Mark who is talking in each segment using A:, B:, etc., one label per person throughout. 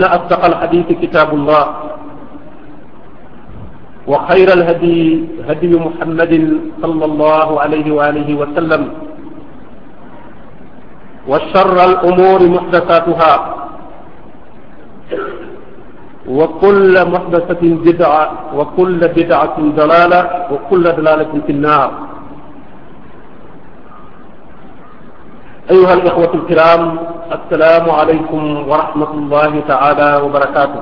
A: إن أصدق الحديث كتاب الله وخير الهدي هدي محمد صلى الله عليه وآله وسلم وشر الأمور محدثاتها وكل محدثة بدعة وكل بدعة ضلالة وكل ضلالة في النار ayyuha al ixwatu alkiram assalaamu aleykum wa rahmatullahi taala wa barakaatu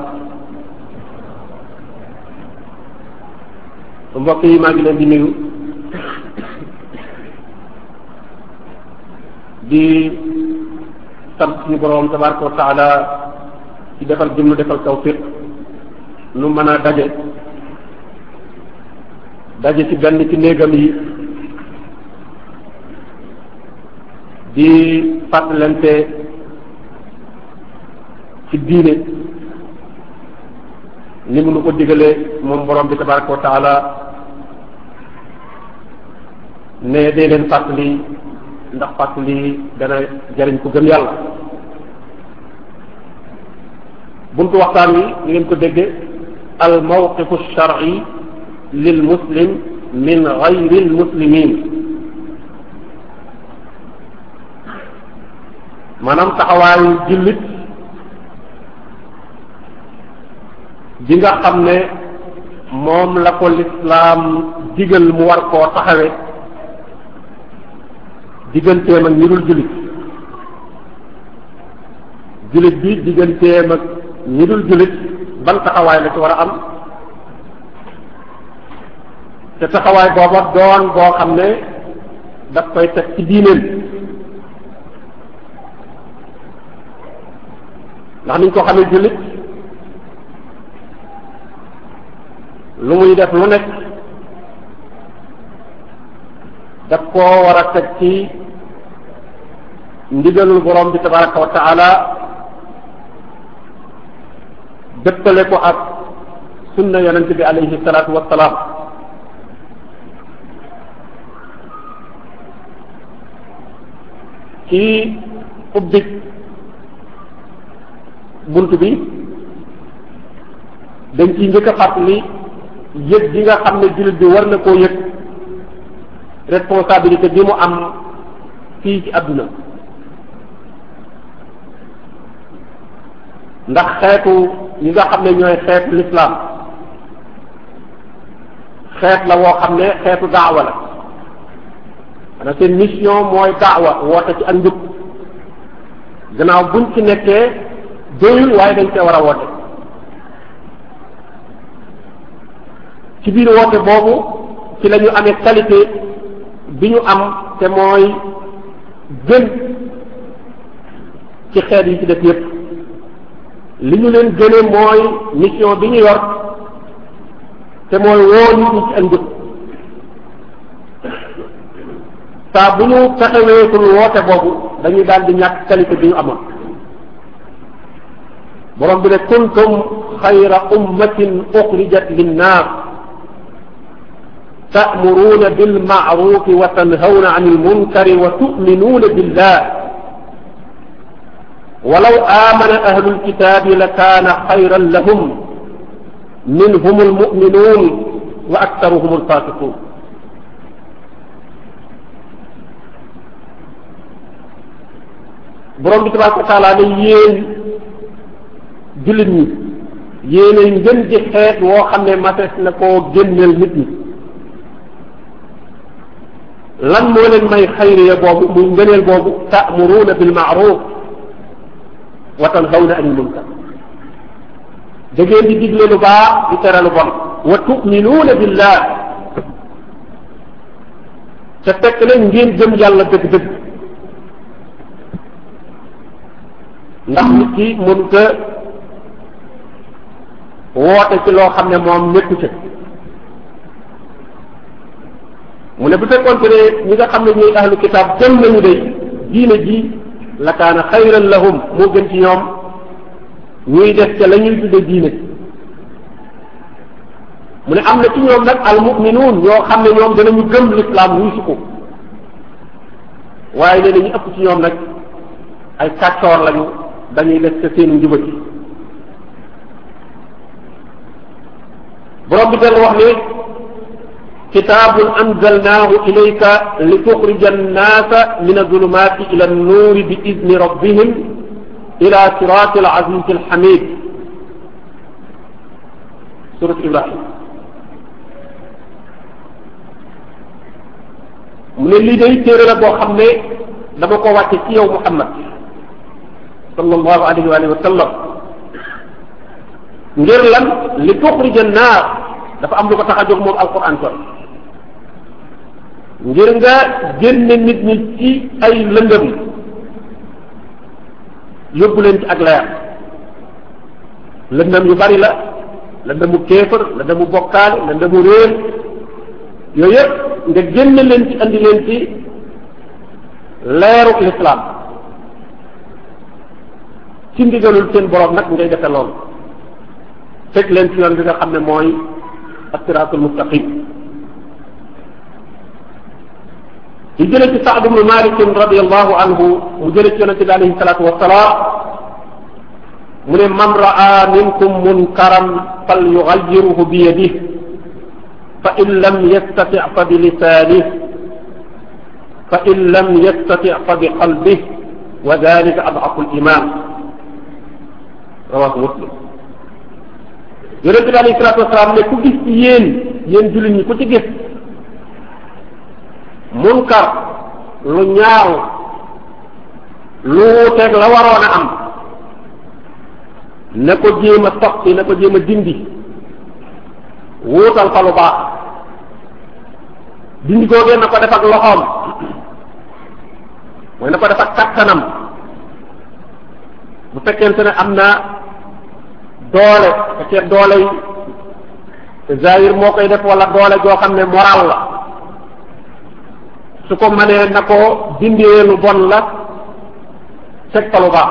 A: mbokk yi maa ngi leen di nuyu di sant suñu boroom tabaraka wa taala ci defal jëm nu defal tawfiq nu mën a daje daje ci benn ci néegam yi di fàttalante ci diine ni mu nu ko digalee moom borom bi tabaraka wa taala ne dee leen fàttali ndax fàttali dana jariñ ko gëm yàlla buntu waxtaan wi ni ngeen ko dégge al mawqifu shar'i lil muslim min ghayri al muslimin maanaam taxawaayu jullit ji nga xam ne moom la ko lislaam digal mu war koo taxawe digganteem ak ñi dul jullit jullit bi digganteem ak ñi dul jullit ban taxawaay la ci war a am te taxawaay booba doon boo xam ne daf koy teg ci diineen ndax niñ ko xamee jullit lu muy def lu nekk daf koo war a teg ci ndigalul bi tabaraka wa taala dëppale ko ak sunna yonente bi alayhi salaatu wassalaam ci ubbit bunt bi dañ ciy njëkk a fàttali yëg gi nga xam ne jullit bi war na koo yëg responsabilité bi mu am fii ci àdduna ndax xeetu ñi nga xam ne ñooy xeetu lislaam xeet la woo xam ne xeetu daawa la xanaa seen mission mooy daawa woote ci ak njub gannaaw buñ ci nekkee doyul waaye dañ cee war a woote ci biir wote boobu ci lañu ñu amee qualité bi ñu am te mooy gën ci xeet yi ci def yépp li ñu leen gëne mooy mission bi ñu yor te mooy woo nit ñi ci ëndut saa bu ñu taxawee suñu woote boobu dañuy daal di ñàkk qualité bi ñu amoon borom bi ne kuntum xayra ummatin uxrijat linnaas ta'muruuna bil ma'ruufi wa tanhawna anil munkari wa tu'minuuna billah walaw aamana ahlul kitaabi lakaana xayran lahum minhumul mu'minuun wa aktaruhumul faasiquun borom bi tabaaraka wa taala ne yéen jullit ñi yéenay ngën di xeet woo xam ne mates na koo génneel nit ñi lan moo leen may xayriya boobu muy ngëneel boobu ta'muruuna bil ma'ruf wa tanhawna anil munkar da ngeen di digle lu baax di tere lu bon wa tu'minuuna billah te fekk na ngeen gëm yàlla dëgg-dëgg ndax nit ki mënut a woote ci loo xam ne moom nekku ca mu ne bu fekkoon te ñi nga xam ne ñooy ahlu kitaab dem nañu de diine ji la kaana xayran lahum moo gën ci ñoom ñuy def ca la ñuy tudde diine mu ne am na ci ñoom nag al muminuun ñoo xam ne ñoom danañu gëm lislaam wuy suko waaye nee na ëpp ci ñoom nag ay kàccoor lañu dañuy def ca seenu njubati
B: borom bi dal wax ne
A: kitaabun anzalnaahu ilayka li tuxrija annaasa min azulumaati ila annuuri bi idni rabbihim ila siraati alazizi alhamid surat ibrahim mu ne lii day téere la boo xam ne dama ko wàcce ci yow muhammad sallallahu alayhi wa sallam ngir lan li tuxrija naar dafa am lu ko tax a jóg moom alquran kon ngir nga génne nit ñi ci ay lëndëm yóbbu leen ci ak leer lëndëm yu bari la lëndëmu kéefër lëndëmu bokkaale lëndëmu réer yooyu yëpp nga génne leen ci andi leen ci leeru lislaam ci ndigalul seen borom nag ngay defe lool teg leen ci yoon bi nga xam ne mooy asiraatul mustaqim ñu jële ci Saad ibnu Malikin radiallahu anhu mu jële ci yonente bi alayhi salaatu wasalaam mu ne man raa minkum munkaran fal yugayiruhu bi yadihi fa in lam yastati fa bi lisaanihi fa in lam yastati fa bi qalbihi wa dalika adafu liman rawahu muslim yonente bi alayhi salaatu wasalaam ne ku gis ci yéen yéen jullit ñi ku ci gis munkar lu ñaaw lu wuuteeg la waroon a am na ko jéem a na ko jéem a dindi wuutal fa lu baax dindi googee na ko def ak loxoom mooy na ko def ak kattanam bu fekkente ne am na doole da cee doole yi te zahir moo koy def wala doole joo xam ne moral la su ko mënee na ko dindee lu bon la teg baax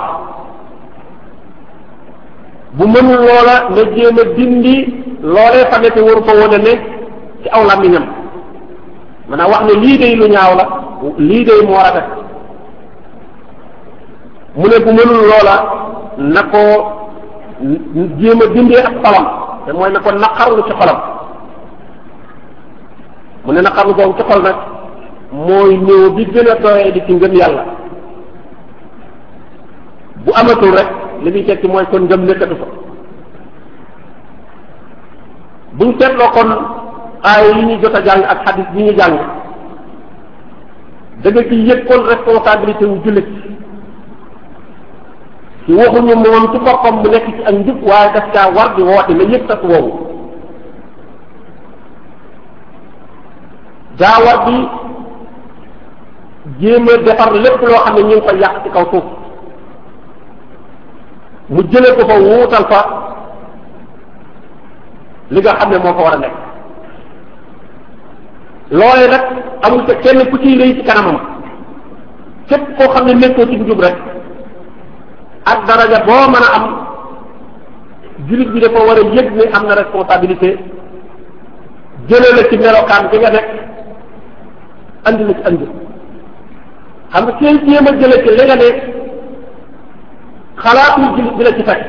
A: bu mënul loola na jéem a dindi loolee fa nekk waru ko woon a ne ci aw làmmiñam maanaam wax ne lii day lu ñaaw la lii day moo rafet mu ne bu mënul loola na ko jéem a dindee ak xolam te mooy na ko naqarlu ci xolam mu ne naqarlu boobu ci xol nag mooy néew bi gën a doyee ci ngëm yàlla bu amatul rek li muy tekki mooy kon ngëm nekkatu fa buñ seetloo kon aaya yi ñuy jot a jàng ak xadis yi ñuy jàng da nga ci yëg kon responsabilité jullit waxuñu moom ci boppam bu nekk ci ak njub waaye daf caa war di woote wax yëpp tas woowu daa war di jéem a defar xam ne ñu ngi ko yàq ci kaw suuf mu jëlee ko fa wuutal fa li nga xam ne moo ko war a nekk loole nag amul kenn ku ciy lay ci kanamam képp koo xam ne nekkoo ci njub rek ak daraja boo mën a am jullit bi dafa war a yëg ne am na responsabilité jëlee la ci melokaan bi nekk andi la ci andi xam nga seen jéem a jëlee ci li nga ne
B: xalaatul jullit bi la ci fekk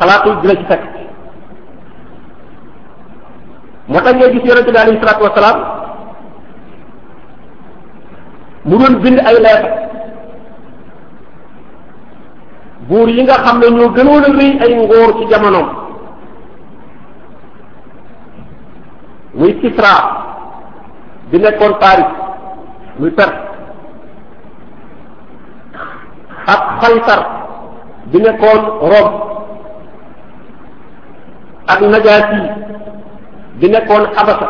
A: xalaatul bi la ci fekk moo tax ngay gis yonente bi alayhi salaatu wasalaam mu doon bind ay leetar buur yi nga xam ne ñoo gënoon a rëy ay ngóor ci jamonoom muy Kisra di nekkoon Paris muy Perse ak Qaysar di nekkoon Rome ak Najaasi di nekkoon Abasa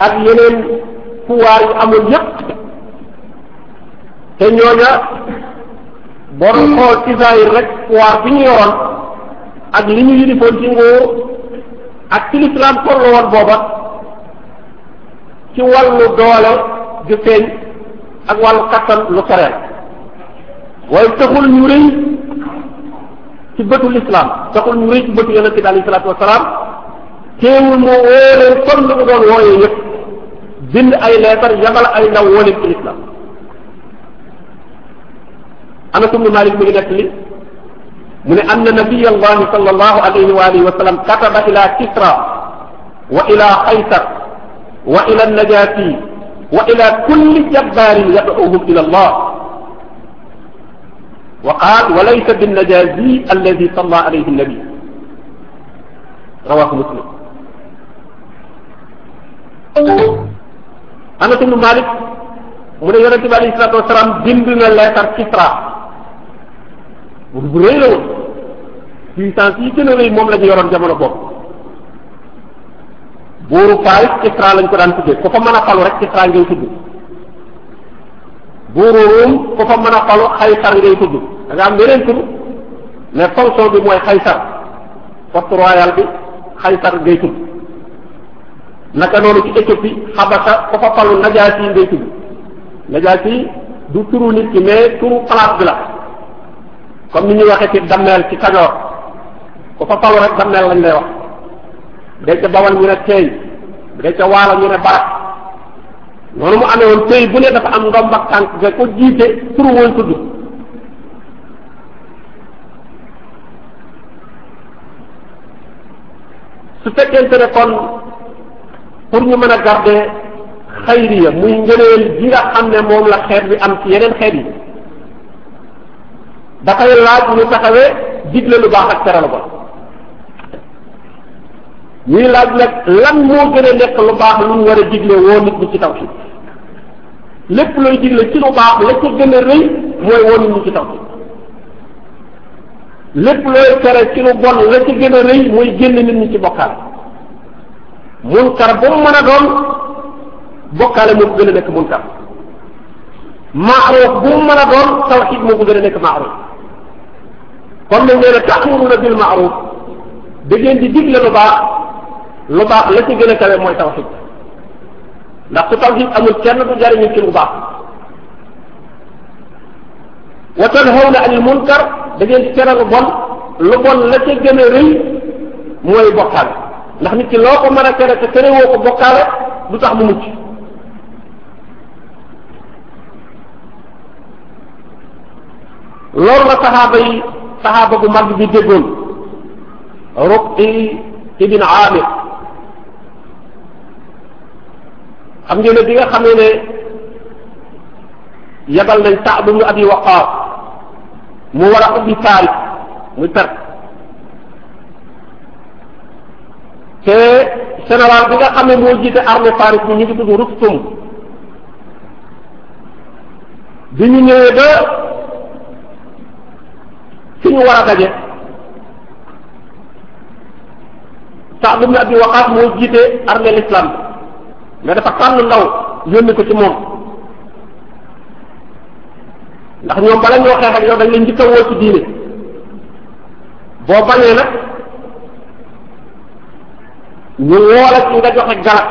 A: ak yeneen pouvoir yu amul yépp te ñooña boo doon xool ci zahir rek ñu yoroon ak li ñu yilifoon ci nguur ak ci lislaam woon booba ci wàllu doole ju feeñ ak wàllu kattan lu soreel waaye taxul ñu rëy ci bëtu lislaam taxul ñu rëy ci bëtu yonent bi alayhi salaatu wasalaam teewul mu woo leen comme mu doon wooyee yëpp bind ay leetar yabal ay ndaw woo leen Anas ibnu Malik mi ngi def li mu ne anna nabiy allahi sallallahu alayhi wa alihi wa sallam kataba ila Kisra wa ila Qaysar wa ila Najati wa ila kulli jabbaarin yad'uuhum ila Allah wa qaal wa laysa binnajazi alladi salla alayhi nabi rawahu muslim Anas ibnu Malik mu ne yonente bi alayhi salatu wasalaam bind na leetar Kisra bu bu rëy la woon puissance yi gën a rëy moom lañu yoroon jamono boobu buuru Faris Kisra lañ ko daan tuddee ku fa mën a falu rek Kisra ngay tudd buuru Rum ku fa mën a falu Xaysar ngay tudd da nga am beneen tur mais fonction bi mooy Xaysar poste royal bi Xaysar ngay tudd naka noonu ci Éthiopie Xabasa ku fa falu Najaasi ngay tudd Najaasi du turu nit ki mais turu place bi la. comme ni ñuy waxee ci dammeel ci Kajoor ku fa falu rek dammeel lañ lay wax bu dee ca Bawol ñu ne teey ca Waalo ñu ne noonu mu amee woon bu ne dafa am ndomb ak tànk ga ko jiite pour woon tudd su fekkente ne kon pour ñu mën a garder xayriya muy ngëneel gi nga xam ne moom la xeet bi am ci yeneen xeet yi dafay laaj ñu taxawee digle lu baax ak tere lu bon ñuy laaj nag lan moo gën a nekk lu baax lu mu war a digle woo nit ñi ci taw si lépp looy digle ci lu baax la ko gën a rëy ci taw si lépp looy tere ci lu bon la gën a rëy mooy génn nit ñi ci bokkaale munkar ba mu mën a doon bokkaale moo gën a nekk munkar maaroof bu mu mën a doon tawxid moo ko gën a nekk maaroof kon nag nee na bi bil ma'ruf da ngeen di digle lu baax lu baax la ci gën a kawe mooy tawxid ndax su tawxid amul kenn du jariñu ci lu baax wa tanhawna anil munkar da ngeen di tere lu bon lu la ca gën a rëy mooy bokkaale ndax nit ki loo ko mën a tere te terewoo ko bokkaale bu tax mu mucc loolu la saxaaba saxaaba bu mag bi déggoon Ruqi ibn Amir xam ngeen bi nga xam ne yebal nañ Sa'd ibn Abi Waqqas mu war ubbi Faaris muy perte te général bi nga xam ne moo jiite armée Faaris bi ñu ngi tudd Rustum bi ñu ñëwee ba. fi ñu war a daje Saad ibn Abi Waqaas moo jiite armée l'islam mais dafa tànn ndaw yónni ko ci moom ndax ñoom bala ñoo xeex yow dañ leen njëkk a woo ci diine boo bañee nag ñu woo nga joxe galak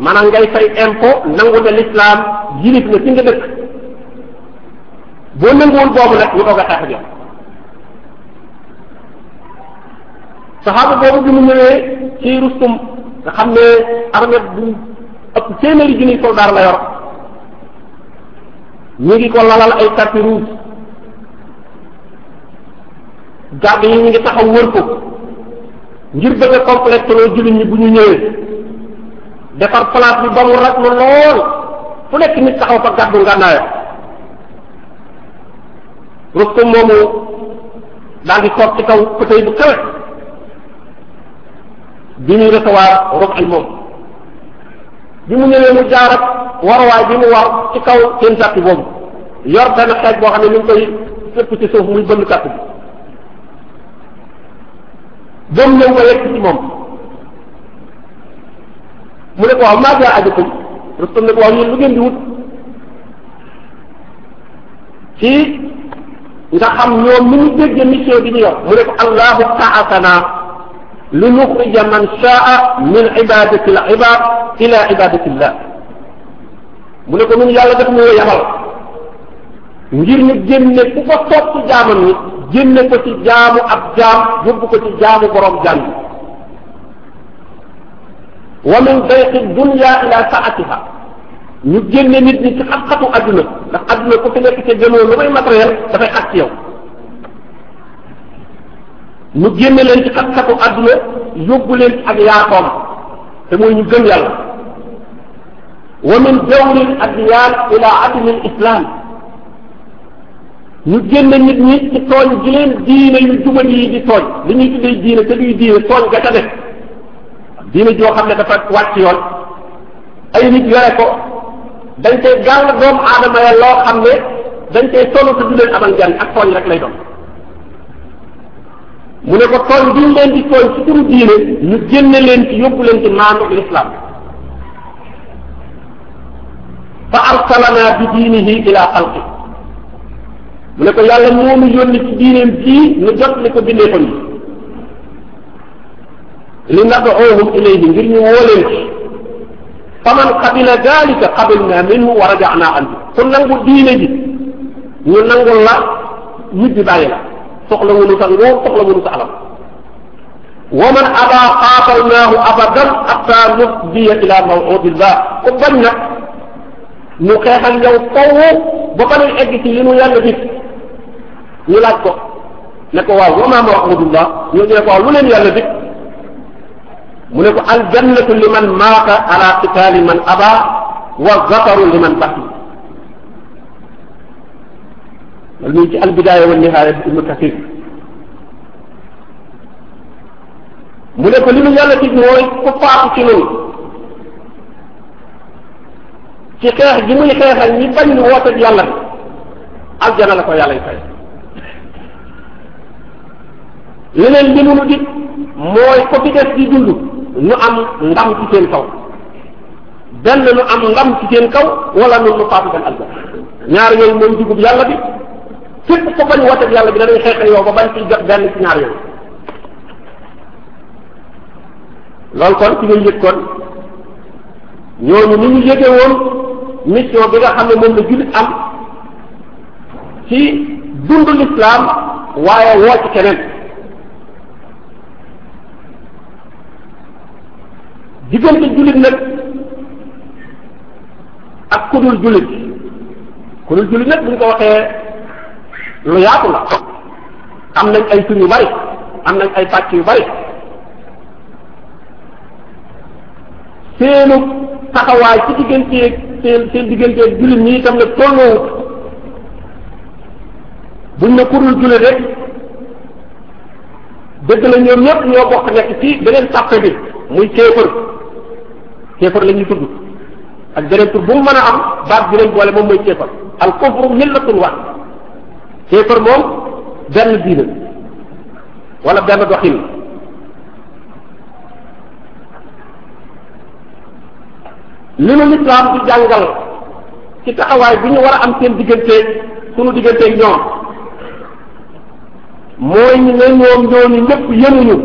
A: maanaam ngay fay impôt nangu ne l'islam yilif na ci nga dëkk boo nanguwul boobu nag ñu doog a xeex ak saxaaba boobu bi mu ñëwee ci rustum nga xam ne armée bu ëpp téeméeri junniy soldaar la yor ñu ngi ko lalal ay tapis rouge garde yi ñu ngi taxaw wër ko ngir bëgg a complété loo ñi bu ñu ñëwee defar palaat bi ba mu rag lu lool fu nekk nit taxaw fa gàddu ngànnaaya Rustum moomu daal di toog ci kaw pëtëy bu kawe bi muy recevoir rob ay moom bi mu ñëwee mu jaar ak warwaay bi mu war ci kaw seen sàtti boobu yor benn xeej boo xam ne mi ngi koy sëpp ci suuf muy bënn kàtt bi boobu ñëw nga ci moom mu ne ko waaw maa jaa ajukum Rustum ne ko waaw ñun lu ngeen di wut ci nga xam ñoom ni ñu déggee mission bi ñu yor mu ne ko allahu taasana li nuxrija man shaa min ibadati l ibad ila ibadati llah mu ne ko ñun yàlla daf ñu yabal ngir ñu génne ku ko topp jaamam ñi génne ko ci jaamu ab jaam yóbbu ko ci jaamu borom jaam bi wa min dayqi dunya ila saatiha ñu génne nit ñi ci xat-xatu adduna ndax adduna ku fi nekk ca gënoo lu may matériel dafay xat ci yow mu génne leen ci xat-xatu àdduna yóbbu leen ci ak yaatoom te mooy ñu gëm yàlla wa min dawlil adyaan ila adamil islam ñu génne nit ñi ci tooñ gi leen diine yu jubal yi di tooñ li ñuy tuddee diine te duy diine tooñ ga ca diine joo xam ne dafa wàcc yoon ay nit yore ko dañ koy gàll doomu aadama ya loo xam ne dañ koy solo te du leen amal jàng ak tooñ rek lay doon mu ne ko tooñ bi ñu leen di tooñ ci turu diine ñu génne leen ci yóbbu leen ci maandu l'islam fa arsalana bi diinihi ila xalqi mu ne ko yàlla moomu yónni ci diineem bii ñu jot li ko bindee ko ni li nad'uhum ilayhi ngir ñu woo leen fa man qabila dalika qabilna minhu wa raja'na anhu ku nangu diine ji ñu nangul la ñu bi bàyyi soxla wunu sa ngóor soxla wunu sa alal wa man aba xaatalnaahu abadan xata nufdiya ila mawudillah ku bañ nag ñu xeexal yow faw ba ba nuy egg ci li nu yàlla dig ñu laaj ko ne ko waaw wa ma mawudullah ñu ne ko waaw lu leen yàlla dig mu ne ko aljannatu liman maata ala qitaali man aba wa zakaru liman baqi loolu ñu ngi ci albidaaya wa nihaaya ibnu kasir mu ne ko li nu yàlla dig mooy ku faatu ci nun ci xeex gi muy xeexal ñi bañ ñu woote yàlla bi aljana la ko yàlla y fay leneen li munu dig mooy ko fi des di dund ñu am ndam ci seen kaw benn nu am ndam ci seen kaw wala nun nu faatu dem aljana ñaar yooyu mooy digub yàlla bi képp ko bañ wooteeg yàlla bi danañ xeexal yow ba bañ ci jot benn ci ñaar yow loolu kon ci ngay yëg kon ñooñu ni ñu yëge woon mission bi nga xam ne moom la jullit am ci dundu lislaam waaye woo ci keneen diggante jullit nag ak ku jullit ku jullit nag bu ñu ko waxee lu yaatu la am nañ ay tur yu bari am nañ ay pàcc yu bari seenu taxawaay ci digganteeg seen seen digganteeg jullit ñi tam na tolloowut buñ ne kurul jullit rek dëgg la ñoom ñëpp ñoo bokk nekk ci beneen sàppe bi muy kéefër kéefër la tudd ak beneen tur bu mu mën a am baat bi lañ boole moom mooy kéefër al kufru millatun waahida kéefar moom benn diina wala benn doxin li nu lislaam di jàngal ci taxawaay bi ñu war a am seen digganteeg sunu digganteeg ñoom mooy ñu ne ñoom ñooñu ñëpp yemuñu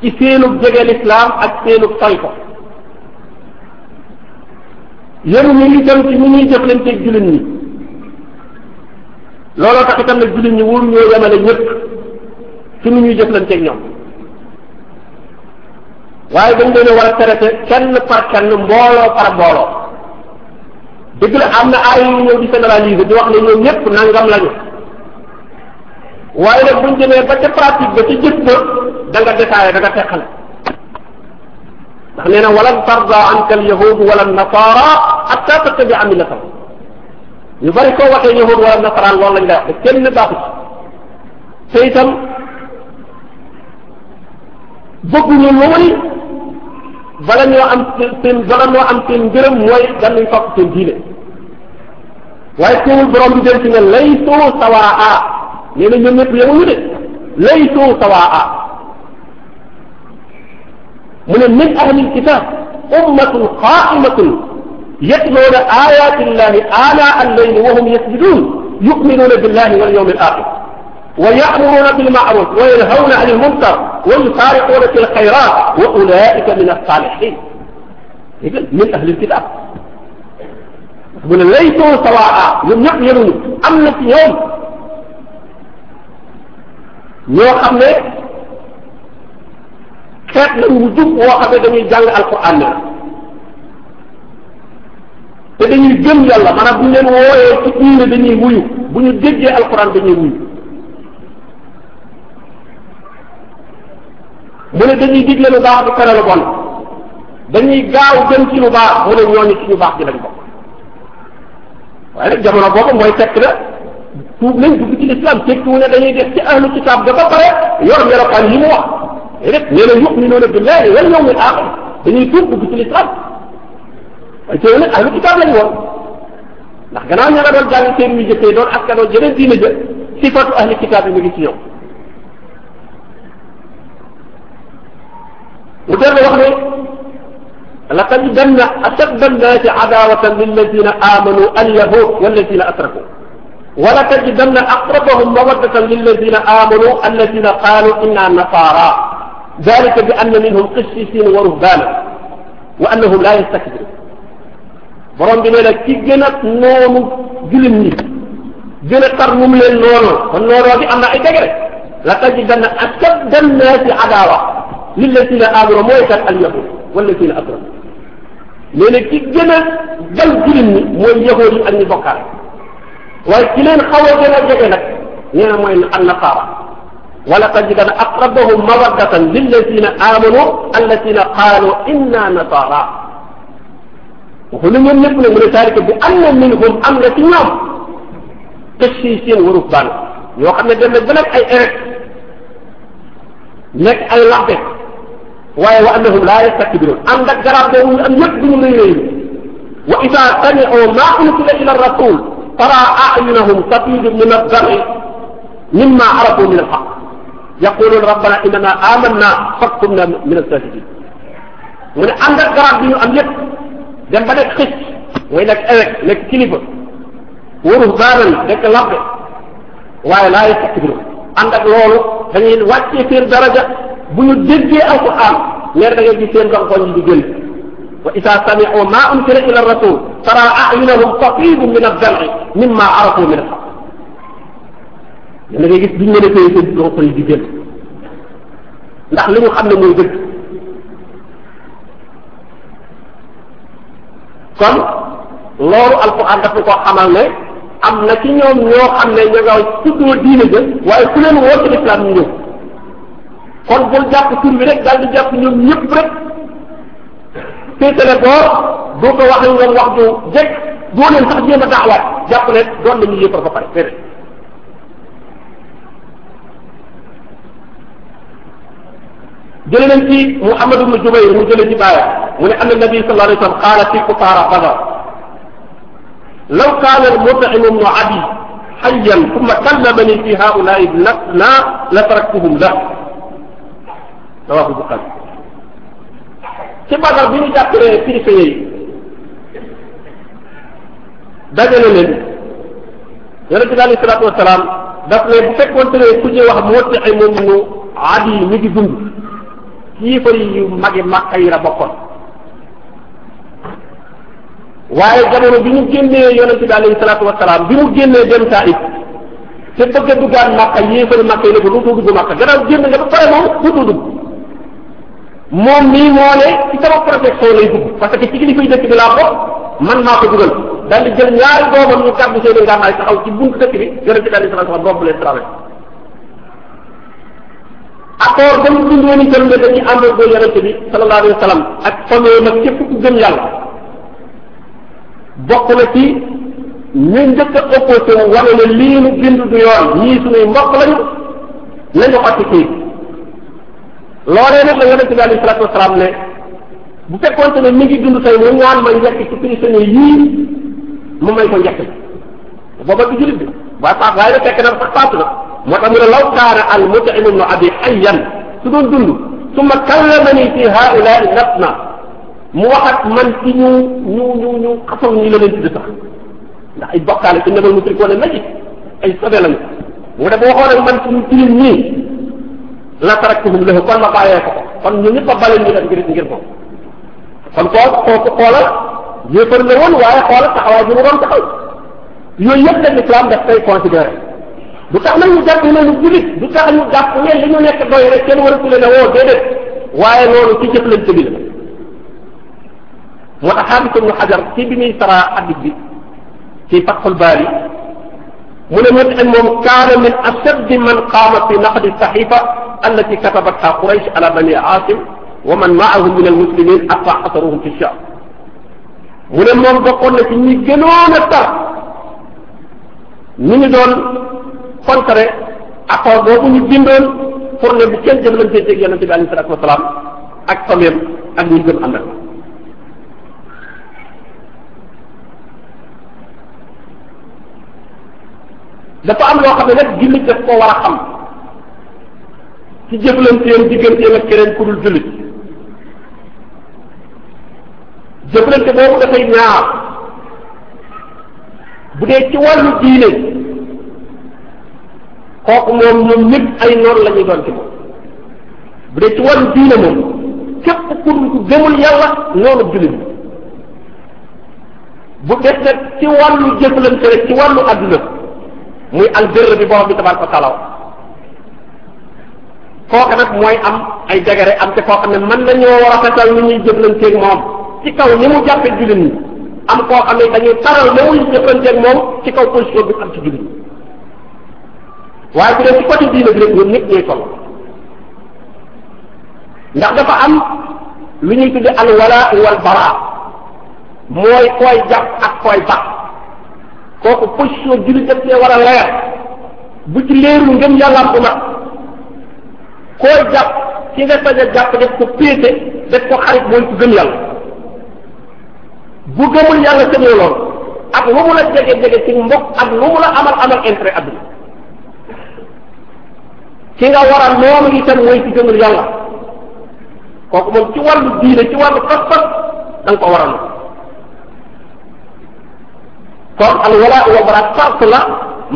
A: ci seenub jege lislaam ak seenub sal ko yemuñu itam ci ñu ñuy jëflanteeg jullit ñi looloo tax itam nag jullit ñi wóoru ñoo yemale ñëpp ci nu ñuy jëflanteeg ñoom waaye dañ leen ne war a traité kenn par kenn mbooloo par mbooloo dëgg la am na ay yu ñëw di généraliser di wax ne ñoom ñëpp nangam lañu waaye nag buñ demee ba ca pratique ba ca jëf ba da nga détaillé da nga teqale ndax nee na walan tarda anka al yahud wala nasara hatta tattabi'a millatahum ñu bari ko waxee yahud wala nasaraan loolu lañ lay wax te kenn baaxu ci te itam bëgguñu loolu bala ñoo am seen bala ñoo am seen ngërëm mooy dañuy topp seen diine waaye teewul borom bi dem ci ne laysu sawaa nee na ñoom ñëpp yemuñu de laysu sawaa mu ne min ahlil kitab ummatun qaimatun yatluuna ayaati llahi aanaa alleyli wa hum yasjuduun yuminuuna billahi wal yawmi al axir wa yaamuruuna bilmaaruf wa yanhawna ani lmunkar wa yusaariquuna fi lxayrat wa ulaika min alsaalixin déggal min ahli lkitab mu ne laysoo sawaa ñoom ñëpp yemuñu am na ci ñoom ñoo xam ne xeet lañ mu jub woo xam ne dañuy jàng alquran te dañuy gëm yàlla maanaam bu ñu leen wooyee ci dañuy wuyu bu ñu déggee alxuraan dañuy wuyu mu ne dañuy digle lu baax du tere lu bon dañuy gaaw dem ci lu baax mu ne ñooñu ci ñu baax ji lañ bokk waaye nag jamono boobu mooy tekk na tuub nañ dugg ci lislaam tekki wu ne dañuy def ci ahlu kitaab ga ba pare yor melokaan yi mu wax rek nee na yu'minuuna billaahi wal dañuy tuub dugg ci lislaam waaye teewul nag ahlu kitaab lañ woon ndax gannaaw ña nga doon jàng seen yu jëkkee doon askanoo jeneen diina jë sifatu ahlu kitaab yi mu ngi ci ñoom mu dellu wax ne laqad danna ashadda annaasi adaawatan lilladina amanu alyahud walladina asraku ولتجدن أقربهم مودة للذين آمنوا الذين قالوا إنا نصارى ذلك بأن منهم قسيسين ورهبانا وأنهم لا يستكبرون borom bi nee na ci gën a noonu jullit ñi gën a tar mu leen noonu kon noonoo bi am na ay degere la tajidanna ashadda an-naasi adaawa lillazina aamanu mooy kat al-yahuud wallazina ashraku nee na ci gën a dal jullit ñi mooy yahuud yi ak ñi bokkaale waaye ci leen xaw a gën a jege nag nee na mooy an-nasaara wala tajidanna aqrabahum mawaddatan lillazina aamanu allazina qaalu inna nasaara waxu la ñoom ñëpp nag mu ne taalika bi am na minhum am na ci ñoom tëj si seen waruf baan ñoo xam ne dem na ba nag ay eret nekk ay laxte waaye wa annahum laa yastakbiruun ànd ak garab boobu ñu am yëpp bu ñu lay réeru wa ida sami'u ma unsila ila rasul tara a'yunahum tafidu min ad-dam'i mimma arafu min al-haqq yaquluna rabbana innana amanna faktubna min as-shahidin mu ne ànd ak garab bi ñu am yëpp dem ba nekk xis muy nekk évêque nekk kilifa waru baanan nekk labbe waaye laa yastakbiru ànd ak loolu dañuy wàccee seen daraja bu ñu déggee alquran leer da ngay gis seen ronkoñ di gën wa isa sami'u ma unzila ila rasul tara a'yunahum tafidu min ad-dam'i mimma arafu min al-haqq da ngay gis duñ mën a téye seen ronkoñ di gën
B: ndax li ñu xam ne mooy
A: dëgg kon loolu alquran daf ko xamal ne am na ci ñoom ñoo xam ne ñu nga tuddoo diine ja waaye ku leen woo ci islam ñu ñëw kon bul jàpp tur bi rek daal di jàpp ñoom ñëpp rek féetale boor boo ko waxee nga wax du jekk boo leen sax jéem a daawaat jàpp ne doon nañu yëpp ba pare déedéet jëlee nañ ci Muhammad ibn Jubayr mu jëlee ci baayam mu ne anna nabi sallallahu alayhi wa sallam qaala fi kuffaara Badar law kaana al-mut'imu ibnu Adi hayyan thumma kallamani fi haa'ulaa'i lafna la taraktuhum lahu rawaahu Buxaari
B: ci Badar bi ñu jàppalee kilifa
A: yi dajale leen yonent bi alayhi salaatu wasalaam daf ne bu fekkoon te ne ku ñuy wax mut'im ibnu Adi mi ngi dund kiifar yu magi Makka yi la bokkoon waaye jamono bi mu génnee yonente bi alayhi salaatu wasalaam bi mu génnee dem Taif te bëgg a duggaat Makka yéefari Makka yi ne ko duutoo dugg Makka gannaaw génn nga ba pare moom duutoo dugg moom mii moo ne ci sama protection lay dugg parce que ci kilifay dëkk bi laa bokk man maa ko dugal daal di jël ñaari doomam ñu kàddu seen ngànnaay taxaw ci buntu dëkk bi yonente bi alayhi salaatu wasalaam leen traversé accord ba mu bindoon itam ne dañuy embargo yonente bi sallallahu alayhi wa ak famille nag képp ku gëm yàlla bokk na ci ñu njëkk a opposé wu wane lii nu bind du yoon ñii suñuy mbokk lañu nañu xotti kii loolee la yonente bi alayhi salatu wasalaam ne bu fekkoonte ne mi ngi dund tey mu ñaan ma njekk ci prisonnier yii mu may ko njekk booba du jullit bi waaye paas waaye nag fekk na sax paatu na moo tax mu ne law kaana al mut'im ibnu abi hayyan natna mu wax man ci ñu ñu ñu ñu xasaw ñi la leen tudd sax ndax ay bokkaale innamal musrikuuna najas a sobe lañu mu ne bu waxoon ak man a ñu tilim ñii la taraktuhum lahu kon ma bàyyee ko kon ñu ñëpp a bale ñu def ngir ngir moom kon koo kooku xoolal yéefar la woon waaye xoolal taxawaay bi mu doon taxaw yooyu yëpp nag l'islam daf koy considéré du tax nag ñu jàpp ne ñu julit du tax ñu jàpp ne li ñu nekk doy rek kenn waratu leen a woo déedéet waaye loolu ci jëflante bi la moo tax xaabis ibnu xajar ci bi muy saraa addit bi ci fatxul baari mu ne ñett ak moom kaana min ashaddi man qaama fi naqdi saxifa allati katabatha quraysh ala bani asim wa man maahum min almuslimin afa asaruhum fi shaam mu ne moom bokkoon na ci ñi gënoon a tar ñi ñu doon contrer accord boobu ñu bindoon pour ne bu kenn jëflante ak yonente bi alayhi salaatu wasalaam ak someem ak ñu gëm àndal dafa am loo xam ne nag jullit daf koo war a xam ci jëflanteem digganteem ak keneen ku dul jullit jëflante boobu dafay ñaar bu dee ci wàllu diine kooku moom ñoom ñëpp ay noonu la ñuy doon ci moom bu dee ci wàllu diine moom képp ku ku gëmul yàlla noonu jullit bu des nag ci wàllu jëflante rek ci wàllu adduna muy albirr bi borom bi tabaraka wa taala kooka nag mooy am ay degere am te koo xam ne mën nañoo rafetal ni ñuy jëflanteeg moom ci kaw ni mu jàppee jullit ñi am koo xam ne dañuy taral na muy jëflanteeg moom ci kaw position bi am ci jullit waaye bu dee ci côté diine bi rek ñoom ñëpp ñooy toll ndax dafa am lu ñuy tudde al walaa wal baraa mooy koy jàpp ak koy baax kooku position jullit def see war a leer bu ci leerul ngëm yàllaam bu mag jàpp ki nga sañ a jàpp def ko péete def ko xarit mooy ku gëm yàlla bu gëmul yàlla sañoo lool ak lu mu la jege jege ci mbokk ak lu amal amal intérêt adduna ki nga war a noonu itam mooy ci gëmul yàlla kooku moom ci wàllu diine ci wàllu pas-pas da nga ko war a noonu kon al wala wa bara sart la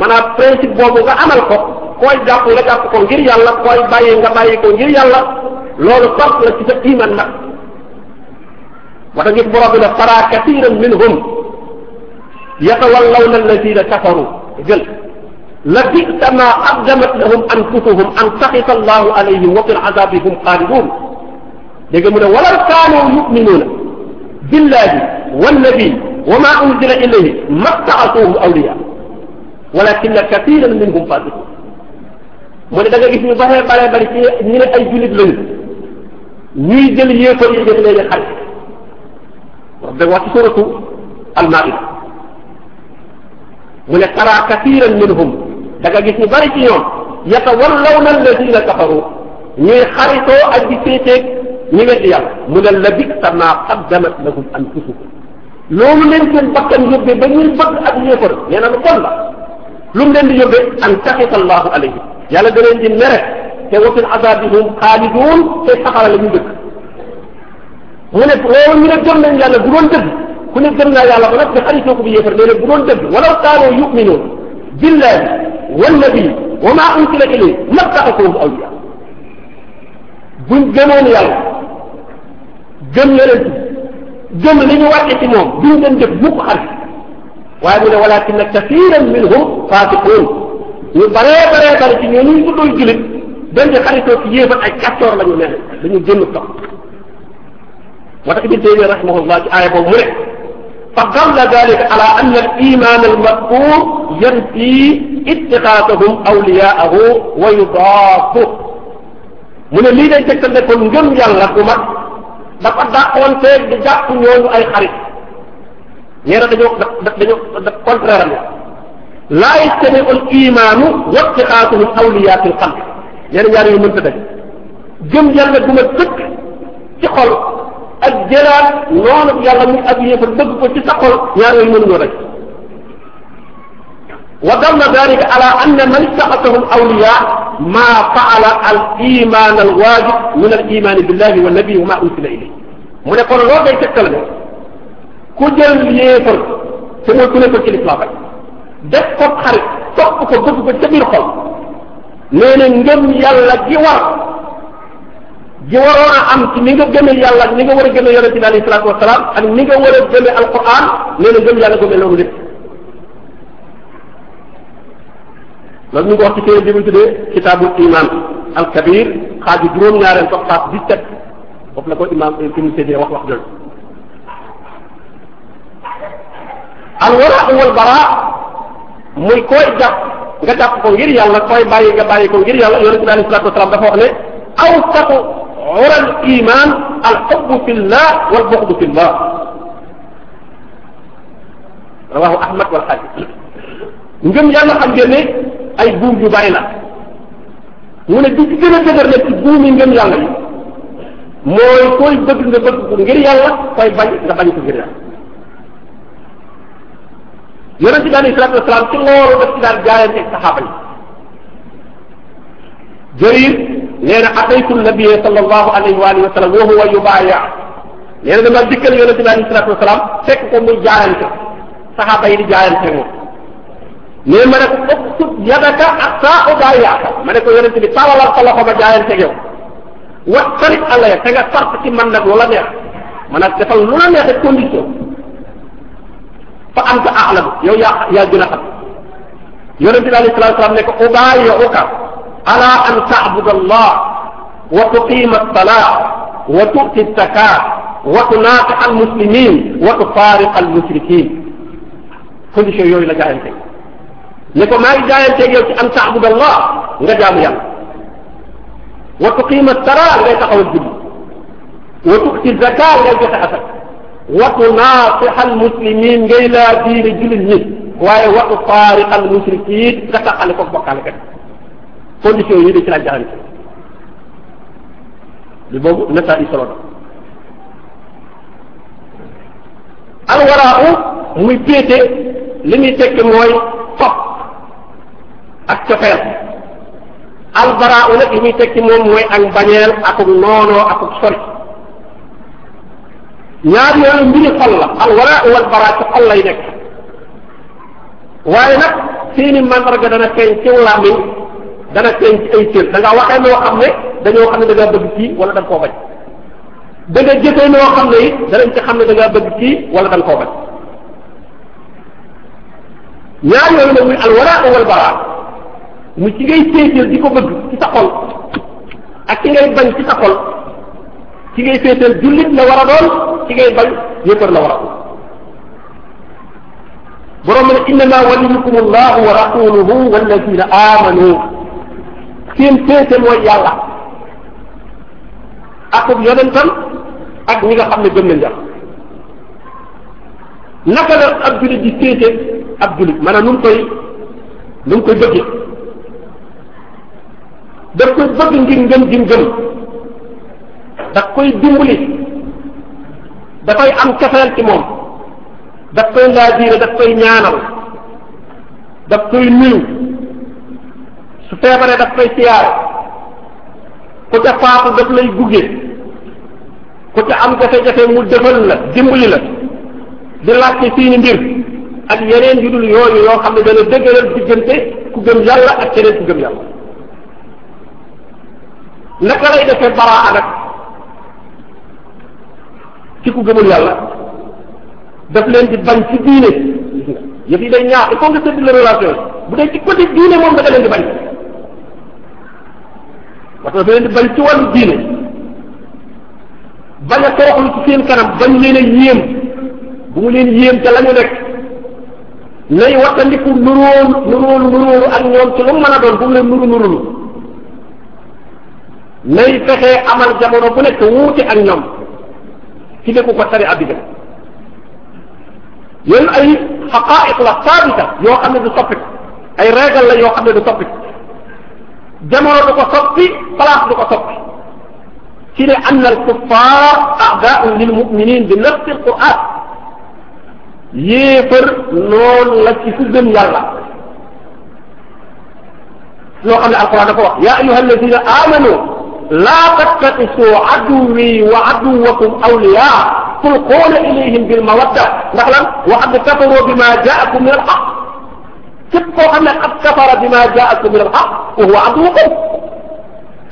A: maanaam principe boobu nga amal ko koy jàpp nga jàpp ko ngir yàlla koy bàyyi nga bàyyi ko ngir yàlla loolu sart la ci sa iman nag wa ta gis borom bi ne fara katiran minhum yatawallawna alladina kafaru jël la bi'sa ma qaddamat lahum anfusuhum an saxita allahu alayhim wa fil azabi hum xaalidun dégg mu ne walaw kaanu yuminuuna billahi wannabi wa ma unzila ilayhi mattaxasuhum awliya walakinna kathiran minhum fasiqun mu ne da nga gis ñu baree baree bari ci ñu ne ay jullit lañu ñuy jël yéefar yi def leen xarit wax dëgg wax ci suratu al-Maa'ida mu ne tara kathiran minhum da nga gis ñu bari ci ñoom yatawallawna alladina kafaru ñuy xaritoo ak di féeteeg ñi weddi yàlla mu ne la bik sa maa qaddamat lahum anfusukum loolu leen seen bakkan yóbbee ba ñuy bëgg ak yéefar nee na lu bon la lu mu leen di yóbbee an taxita allahu alayhim yàlla da leen di mere te wa fil azabihum xaaliduun te saxara la ñu dëkk mu ne loolu ñu ne gëm nañ yàlla bu doon dëgg ku ne gëm naa yàlla ba nag di xaritoo ko bu yéefar nee na bu doon dëgg walaw kaanoo yuminuun billahi wannabi wa maa unsila ilayhi mattaxakum awliya buñ gëmoon yàlla gëm yonent bi gëm li ñu wàcce ci moom duñ leen def mukk xarit waaye mu ne walakinna kathiran minhum fasiqun ñu baree baree bare ci ñoo ñu guddul julit dañ di xaritoo ci yéefat ay kàccoor la ñu ne dañu génn topp moo tax ibn Taymiya rahimahullah ci aaya boobu mu ne fa dalla dalika ala anna al iman al madkur yanfi itixaasahum awliyaahu wa yudaafu mu ne lii day tegtal ne kon ngëm yàlla bu mag dafa dàqoonteeg di jàpp ñooñu ay xarit nee na dañoo da dañoo da contraire am laa yastamiu al imaanu wa itixaasuhum awliyaa fil qalb nee na ñaar yooyu mënta daje gëm yàlla bu ma tëkk ci xol. ak jëlaat noonu yàlla muy ab yéefar bëgg ko ci sa xol ñaar yooyu mënuñoo rek wa dalla dalika ala anna man ma faala al iman al wa nabi wa ma unsila ilay mu ne kon loolu day tegtal ne ku jël yéefar te mooy ku nekkul ci lislaam rek def ko xarit topp ko gi waroon a am ci ni nga gëme yàlla ak ni nga war a gëme yonente bi alayhi salaatu wasalaam a gëme alquran nee na gëm loolu lépp loolu ñu ngi wax ci téere bi mu tuddee kitaabul iman al kabir xaaju juróom-ñaareel sax paas dix-sept foofu la ko imam ibnu Taymiya wax wax jooju
B: al wara wal bara
A: muy koy jàpp nga ko ngir yàlla koy bàyyi nga bàyyi ko ngir yàlla yonente bi alayhi salaatu dafa wax ne aw saxu ural iman al xubbu fillah wal buxdu fillah rawahu ahmad wal xaakim ngëm yàlla xam ngeen ne ay buum yu bari la mu ne bi ci gën a dëgër nag ci buum yi ngëm yàlla yi mooy koy bëgg nga bëgg ko ngir yàlla koy bañ nga bañ ko ngir yàlla yonent bi alayhi salaatu wasalaam ci loolu daf ci daan jaayante saxaaba yi Jarir nee na ataytu nabiyya sallallahu alayhi wa alihi wa sallam wa huwa yubaya nee na dama dikkal yonente bi alayhi salatu wasalaam di jaayante moom nee ma ne ko uktub yadaka saa ubayaaka ma ne ko yonente bi tawalal sa loxo ma jaayante yow wa tarit alaya te nga sart man nag loola neex ma nag defal lu la neexe fa anta a'lam yow yaa yaa gën a xam yonente bi alayhi salatu wasalaam ne ko ubayyuka ala an ta'buda allah wa tuqima as-salah wa tu'ti az-zakah wa tunaqi al-muslimin wa tufariq al-mushrikin condition yooyu la jaayante ne ko maa ngi jaayanteeg yow ci an ta'budu allah nga jaamu yàlla wa tuqima as-salah ngay taxawal julli wa tu'ti az-zakah ngay joxe asaka wa tunaqi al-muslimin ngay laa diine jullit ñi waaye wa tufariq al-mushrikin nga taxale ko bokkaale kat conditions yi de ci la garanti bi boobu nata i solo na alwaraaxu muy péete li muy tekki mooy fopp ak cofeel albaraaxu nag li muy tekki moom mooy ak bañeel akuk noonoo akuk sori ñaar yooyu mbiri xol la alwaraaxu wal baraa ci xol lay nekk waaye nag seeni mandarga feeñ ci làmmiñ dana feeñ ci ay cër da waxee noo xam ne dañoo xam ne da bëgg kii wala da koo bañ da nga jëfee noo xam ne it danañ ci xam ne da ngaa bëgg kii wala da koo bañ ñaar yooyu nag muy alwara wal bara mu ci ngay féeteel di ko bëgg ci sa xol ak ci ngay bañ ci sa xol ci ngay féeteel jullit la war a doon ci ngay bañ yëppar la war a doon borom ne innama waliyukum allah wa rasuluhu wallazina amanu seen péete mooy yàlla ak yonentam ak ñi nga xam ne gëm nañ yàlla naka la ab jullit di féete ab jullit maanaam nu mu koy nu mu koy bëggee daf koy bëgg ngir ngëm gi ngëm daf koy dimbali dafay am cafeel ci moom daf koy laajiire daf koy ñaanal daf koy nuyu su feebaree daf koy siyaare ku ca faatu daf lay gugge ku ca am jafe-jafe mu defal la dimbali la di laajte seeni mbir ak yeneen yu dul yooyu yoo xam ne dana dëgëral diggante ku gëm yàlla ak keneen ku gëm yàlla naka lay defee baraa nag ci ku gëmul yàlla daf leen di bañ ci diine yëf yi day ñaar il faut nga tëdd la relation bu dee ci côté diine moom da leen di bañ parce que dafa leen di bañ ci wàllu diine bañ a toroxlu ci seen kanam bañ leen a yéem bu mu leen yéem te la ñu nekk nay wattandiku nuróolu nuróolu nuróolu ak ñoom a doon bu mu leen nuru nurulu nay fexee amal jamono bu nekk wuute ak ñoom ci nekku ko tari addina yooyu ay xaqaa'iq la saabita yoo xam ne du soppiku ay régal la yoo xam ne du soppiku jamono du ko soppi place du ko soppi ci ne an al kuffar a'da'un lil mu'minin bi nafsi al qur'an yéefar noonu la ci ku gëm yàlla loo xam ne alquran dafa wax ya ayyuha alladina amanu la tattaqisu aduwi wa aduwakum awliya tulquna ilayhim bil mawadda ndax lan wa qad kafaru bima ja'akum min al haqq képp koo xam ne qad kafara bima jaakum min alxaq wa huwa adukum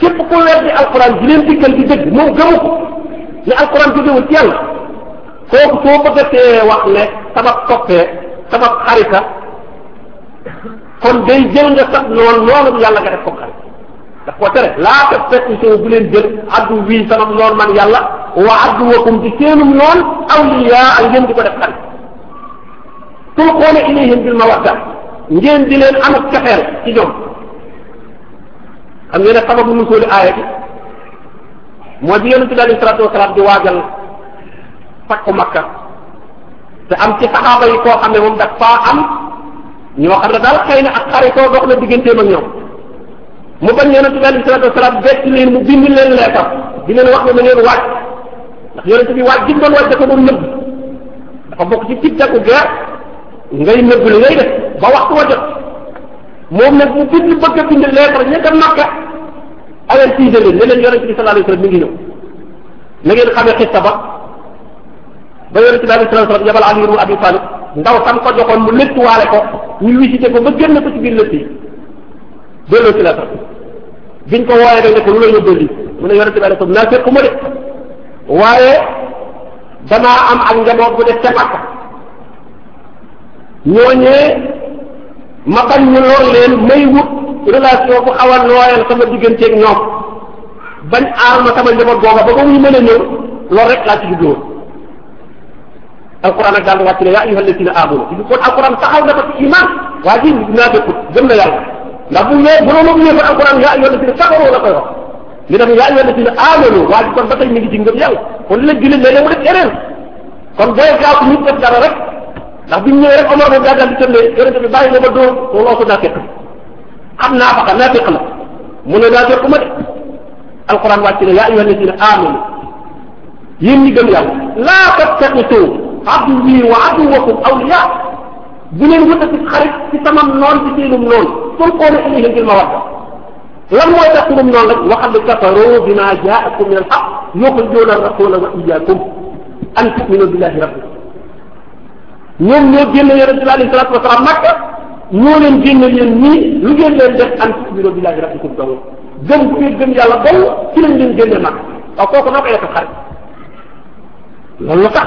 A: képp ku weddi alquran di leen dikkal di dëgg moom gëmu ko ne alquran jógewul ci yàlla kooku soo bëggatee wax ne sama toppee sama xarita kon day jël nga sax noonu noonu yàlla nga def ko xarit daf ko tere laa te fekk bu leen jël addu wii sama noon man yàlla wa adduwakum di seenum noon awliyaa ak ngeen di ko def xarit tulqoona ilayhim bil mawadda ngeen di leen am ak cofeel ci ñoom xam ngeen ne sababu nusuuli aaya bi moo di yonente bi alayhi salaatu wasalaam di waajal fakku makka te am ci saxaaba yi koo xam ne moom daf faa am ñoo xam ne daal xëy na ak xare koo dox na digganteem ak ñoom mu bañ yonente bi alayhi salaatu wasalaam bett leen mu bi leen leetar di leen wax ne na ngeen waaj ndax yonente bi waaj jim doon waaj dafa doon nëbb dafa bokk ci tittaku guerre ngay nëbb li ngay de ba waxtu wa moom nag mu bind bëgg a bind lettre ña ca Makka avertise leen ne leen yonente bi sallallahu alayhi wasallam mi ngi ñëw na ngeen xamee xista ba ba yonente bi alayhi wasallam yabal Ali ibn Abi Talib ndaw sam ko joxoon mu lëttuwaale ko ñu de ko ba génn ko ci biir lëtt yi delloo ci lettre biñ ko wooyee dañ ne ko lu la yóbbee lii mu ne yonente bi alayhi wasallam naa fekku ma de waaye damaa am ak njaboot bu def ñooñee ma xam ñu lor leen may wut relation bu xaw a nooyal sama digganteeg ñoom bañ aar ma sama njaboot googa ba ba muy mën a rek laa ci jubloo alquran ak daal di wàcc ne yaa ayyuha alladina amanu di kon alquran taxaw na ko ci iman waa naa dëkkut gëm na yàlla ndax bu ñëwee bu noonu ñëwee ba alquran yaa ayyuha alladina kafaru la koy wax li def yaa ayyuha alladina amanu waa ji kon ba tey mi ngi ci kon li la jullit léeg-léeg mu def erreur kon day gaaw nit ndax bi ñu ñëwee rek Omar boobu daa daal di tëndee yonente bi bàyyi na ma dóor mu loosu naafiq xam naa faqa naafiq la mu ne naafiq ma de alquran wàcc na yaa ayyuha alladina amanu yéen ñi gëm yàlla laa tattaxitu aduwwi wa aduwakum awliya bu leen wutati xarit ci samam noon ci seenum noonu tulquuna ilayhim bil mawadda lan mooy tax sunum noonu rek wa qad kafaru bima jaakum min al haqq yuxrijuuna rasula wa iyyakum an tu'minu billahi rabbikum ñoom ñoo génne yonente bi alayhi salaatu wasalaam Makka ñoo leen génne yéen nii lu ngeen leen def an tu'minu billahi rabbikum dong gëm bu ngeen gëm yàlla dong ci lañ leen génne Makka waaw kooku noo koy def xarit loolu la tax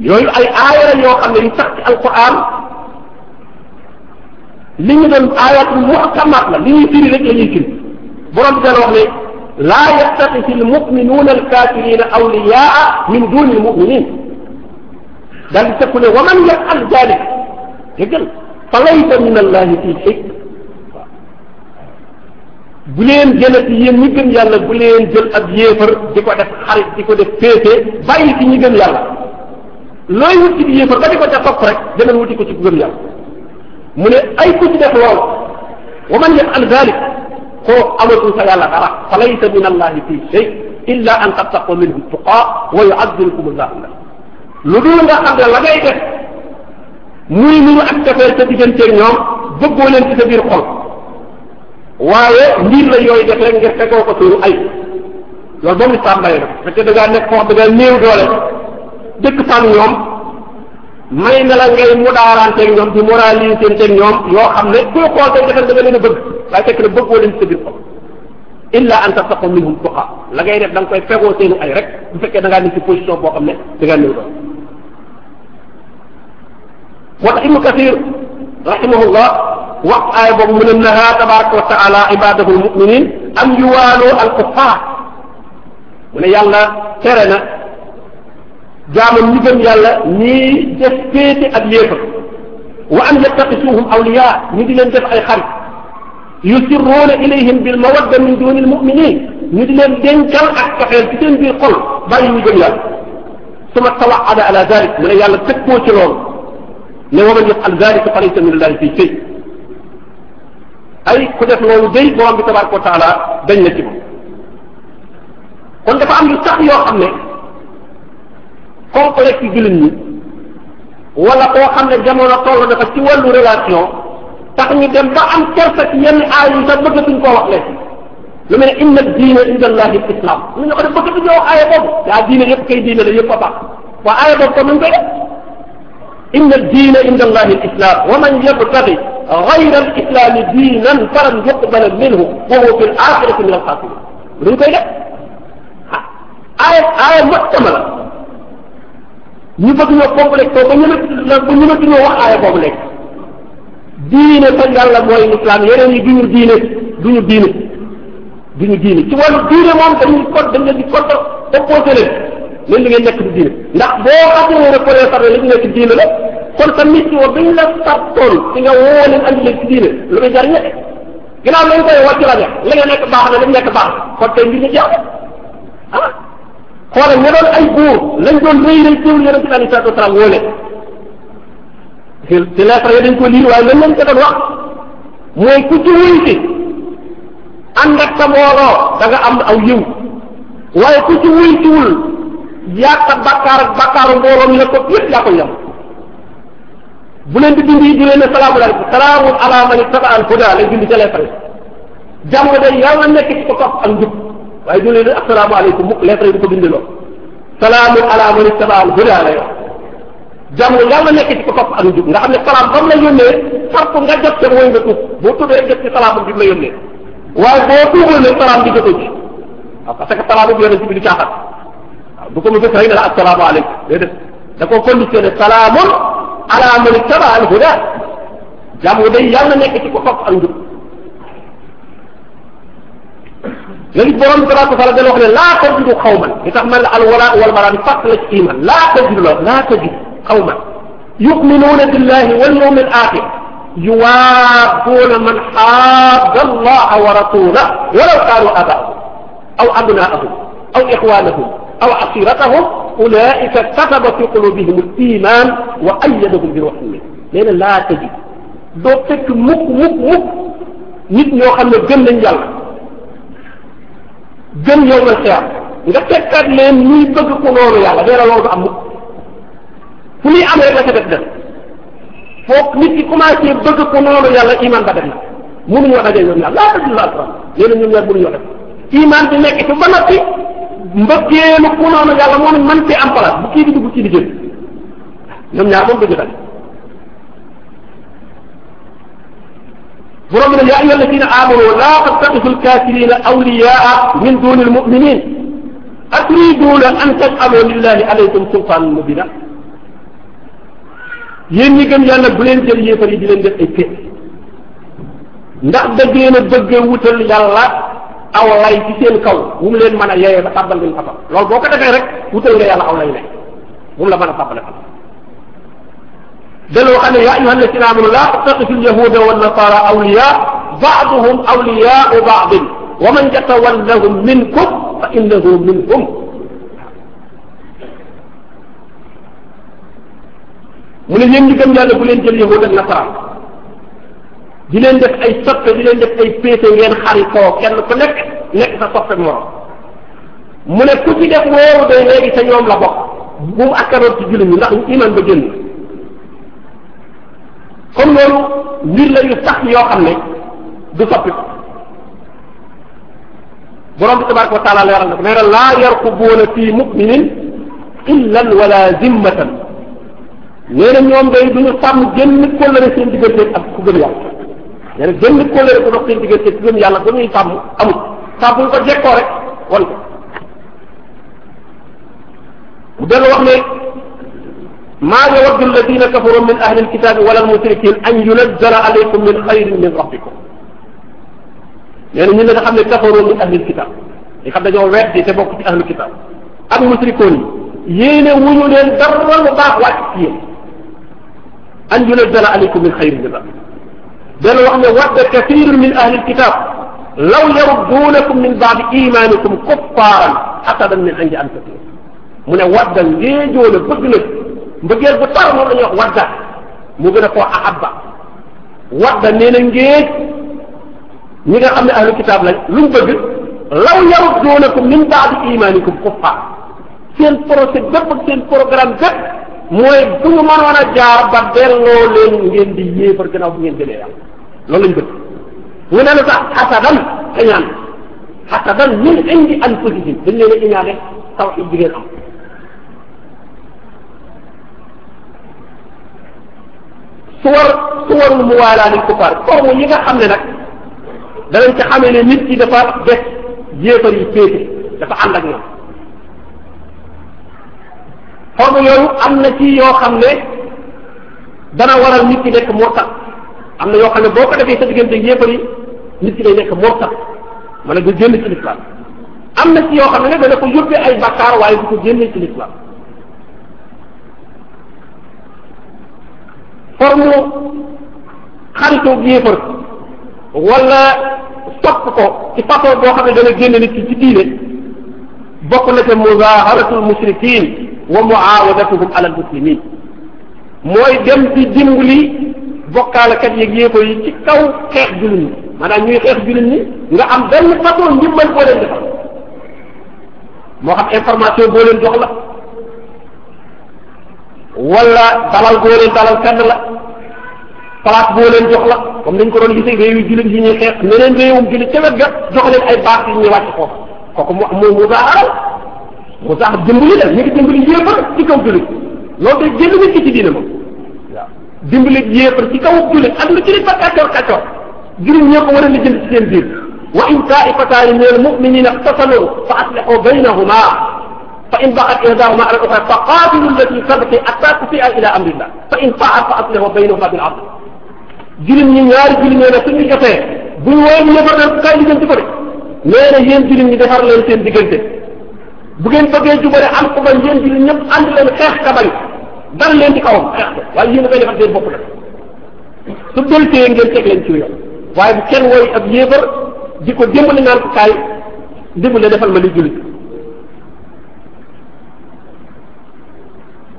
A: yooyu ay aaya la yoo xam ne yu tax ci alquran li ñu doon aayatul muhkamaat la li ñuy firi rek la ñuy firi borom bi dana wax ne laa yattaxisi almu'minuuna alkaafiriina awliyaa min duuni almu'miniin daal di tegu ne wa man yafal dalik déggal fa laysa min allahi fii xëy waaw bu leen jëlati yéen ñi gëm yàlla bu leen jël ab yéefar di ko def xarit di ko def féete bàyyi fi ñi gëm yàlla looy wut ci bi yéefar ba di ko ca topp rek demal wuti ko ci ku gëm yàlla mu ne ay ku ci def loolu wa man yafal dalik koo amatul sa yàlla dara fa laysa min allahi fii xëy illa an tattaqu minhum tuqaa wa yuazzimukum allahu lu dul nga xam ne la ngay def muy nuru ak cafeel sa digganteeg ñoom bëggoo leen ci sa biir xol waaye mbir la yooyu def rek ngir tegoo ko suñu ay loolu boobu lislaam bay na fekkee da ngaa nekk foofu da ngaa néew doole dëkk fan ñoom may na la ngay mudaaranteeg ñoom di moralisenteeg ñoom yoo xam ne kuy xool tey defal da nga leen a bëgg waaye fekk ne bëggoo leen ci sa biir xol illa an tattaqu minhum tuqa la ngay def da nga koy fegoo seenu ay rek bu fekkee da ngaa nekk ci position boo xam ne da ngaa néew moo tax ibnu kasir rahimahullah wax aaya boobu mu ne naha tabaraka wa taala ibadahu almuminin an yuwaaloo al kuffar mu ne yàlla tere na jaamam ñi gëm yàlla ñii def féete ak yéefar wa an yattaqisuhum awliya ñu di leen def ay xarit yusirruuna ilayhim bil mawadda min duni al muminin ñu di leen dencal ak taxeel ci seen biir xol bàyyi ñu gëm yàlla suma tawaada ala dalik mu ne yàlla tëkkoo ci loolu ne wa man yafal dalika fa laysa min allahi fii shay ay ku def loolu day borom bi tabaraka wa taala dañ na ci moom kon dafa am yu sax yoo xam ne complexe yu jullit ñi wala koo xam ne jamono toll dafa ci wàllu relation tax ñu dem ba am kersa ci yenn aay yi sax bëggatuñ koo wax leen lu mel ne inna diina inda allahi l islam lu ñu ko def bëggatuñoo wax aaya boobu daa diine yëpp kay diine la yëpp a baax waa aaya boobu kon nuñ koy def inna diina inda allahi alislam wa man yabtagi gayra alislami diinan falan yuqbala minhu wa huwa fi alaxirati min alxasirin duñ koy def aaya aaya mottama la ñu bëgg ñoo complexe ko ba ñëmat ba ñëmatu ñoo wax aaya boobu léegi diine fa yàlla mooy lislaam yeneen yi duñu diine duñu diine duñu diine ci wàllu diine moom dañuy code dañ leen di code opposé leen même li ngeen nekk du diine ndax boo xasee reconnaître ne li ñu nekk diine la kon sa mission bi ñu la sartoon ci nga woo leen andi leen ci diine lu muy jar ñett ginnaaw lañ koy la li nga nekk baax na li mu nekk baax kon tey mbir ñu jeex ah xoolal ña doon ay góor lañ doon rëy rëy teewul yonente bi alei salatu wasalaam woo leen ci lettre yi dañ ko lire waaye lan lañ ko doon wax mooy ku ci wuy si ànd ak sa mbooloo da am aw yiw ku yaa sa bakkaar ak bakkaaru mbooloo mi la ko yëpp yaa ko yam bu leen di dindi di leen ne salaamu alaykum salaamu ala man ittaba al huda lay dindi ca lettre jàmm day yàlla nekk ci ko topp ak njub waaye du leen assalaamu alaykum mukk lettre du ko bindi loo salaamu ala man ittaba al huda lay wax jàmm yàlla nekk ci ko topp ak njub nga xam ne salaam bam la yónnee farp nga jot ca nga tuub ci salaam bi mu la yónnee
B: waaye boo tuubul ne salaam bi jotoo ci
A: waaw parce que salaam bi yónnee du ko mu jëkk rek ne la assalaamu aleykum déedéet da ko conditionné salaamun ala man ittaba al huda jàmm day yàlla nekk ci ko topp ak njub léegi borom bi tabaraka taala dana wax ne laa tajidu xawman li tax man la alwala walbara bi fàtt la ci iman laa tajidu la laa tajidu xawman yuminuuna billahi wal yawmi al axir yuwaadduuna man xaadda allaha wa rasulahu walaw kaanu abaahum aw abnaahum aw ixwaanahum aw ashiratahum ulaika kataba fi qulubihim al iman wa ayyadahum bi ruhin min nee na laa tëji doo fekk mukk mukk mukk nit ñoo xam ne gëm nañ yàlla gëm yow na xeer nga fekkaat leen ñuy bëgg ku noonu yàlla nee na loolu du am mukk fu ñuy am rek la ca def def foog nit ki commencé bëgg ku noonu yàlla iman ba def na mënuñoo dajee ñoom ñaar laa tëji laa alquran nee na ñoom ñaar mënuñoo def iman bi nekk ci ba noppi mbëkkeelu ku noonu yàlla moom it mën cee am place bu kii di dugg kii di génn ñoom ñaar moom duñu daje borom bi ne yaa ayyuha alladina amanu la tattaxidu alkafirina awliyaa min duni almuminin aturiduuna an tajalu lillahi alaykum sultanan mubina yéen ñi gëm yàlla bu leen jël yéefar yi di leen def ay féet ndax da ngeen a bëgg wutal yàlla aw lay ci seen kaw wu mu leen mën a yeyee ba tàbbal leen safara loolu boo ko defee rek wutal nga yàlla aw lay ne bu mu la mën a tàbbale safara daloo xam ne yaa ayyuha alladina amanu la tattaxidu alyahuda wannasara awliya baaduhum awliyaau baadin wa man yatawallahum minkum fa innahu minhum mu ne yéen ñi gëm yàlla bu leen jël yahud ak nasaraan di leen def ay soppe di leen def ay péete ngeen xari koo kenn ku nekk nekk sa soppe morom mu ne ku ci def woowu day léegi sa ñoom la bokk bu mu akkaroon ci jullit ñi ndax iman ba génn kon loolu mbir la yu sax yoo xam ne du soppi ko borom bi tabaraka wa taala leeral na ko nee na laa yarqubuuna fi muminin illan wala zimmatan nee na ñoom day du ñu sàmm génn kóllëre seen diggante ak ku gën yàlla nee na benn kóllëre bu dox seen diggante ci gëm yàlla ba muy sàmm amul saa bu ñu ko jekkoo rek wan ko mu dellu wax ne maa yawaddu alladina kafaru min ahli alkitabi wala almushrikin an yunazzala alaykum min xayrin min rabbikum nee na ñi nga xam ne kafaru min ahli alkitab li xam dañoo weddi te bokk ci ahli alkitab ak mushrikoon yi yéene wuñu leen dara lu baax wàcc ci yéen an yunazzala alaykum min xayrin min rabbikum dana wax ne wadda kathirun min ahli alkitab law yaruddunakum min baadi imanikum kuffaaran xasadan min indi anfusihim mu ne wadda ngéejoo la bëgg na mbëggeel bu tar moom la ñuy wax wadda mu gën a koo ahabba wadda nee na ngéej ñi nga xam ne ahlu kitaab lañ lu mu bëgg law yaruddunakum min baadi imanikum kuffaar seen projet bépp ak seen programme bépp mooy du ñu mënoon a jaar ba delloo leen ngeen di yéefar gannaaw bu ngeen jëlee yàlla loolu lañ bëgg ñu ne lu tax xasadan iñaan xasadan min indi anfusihim dañ leen a iñaane taw yi jigéen am suwar suwarul muwaalaani kufaar forme yi nga xam ne nag danañ ci xamee ne nit ki dafa des yéefar yi féete dafa ànd ak ñoom forme yooyu am na ci yoo xam ne dana waral nit ki nekk murtad am na yoo xam ne boo ko defee sa diggante yéefar nit ki day nekk murtad ma ne du génn ci lislaam am na ci yoo xam ne dana ko yóbbee ay bakkaar waaye du ko génnee ci lislaam forme xaritoog yéefar wala topp ko ci façon boo xam ne dana génn nit ki ci diine bokk na ca muzaaharatul wa muawadatuhum alal muslimin mooy dem di dimbali bokkaalekat yeeg yéeko yi ci kaw xeex jullit ñi maanaam ñuy xeex jullit ñi nga am benn façon ndimbal boo leen defal xam information boo leen jox la wala dalal boo leen dalal fenn la place boo leen jox la comme dañ ko doon gisee réew yu jullit yi ñuy xeex meneen réewum jullit ca wet ga jox leen ay baax yi ñuy wàcc foofu kooku mu mu baaxal mu tax dimbali la ñu ngi dimbali yéefar ci kaw jullit loolu day génn nit ki ci diine moom waaw dimbali yéefar ci kaw jullit ak lu ci nit ba kàccoor kàccoor jullit ñoo ko war a lijjanti ci seen biir wa in taifataani min almuminina ixtasalu fa aslihu baynahuma fa in baqat ihdahuma ala al-ukhra fa qaatilu allati tabqi hatta tufi'a ila amrillah fa in faat fa aslihu baynahuma bil adl jullit ñi ñaari jullit ñoo ne suñu jotee bu ñu woowee ñu yëfar leen kay lijjanti ko de nee na yéen jullit ñi defar leen seen diggante bu ngeen bëggee jubale am ko bañ yéen jullit ñëpp ànd leen xeex ka bañ leen di kawam xeex ko waaye yéen a koy defal seen bopp nag ngeen teg leen ci yoon waaye bu kenn woy ab yéefar di ko dimbali naan ko kaay dimbali defal ma li jullit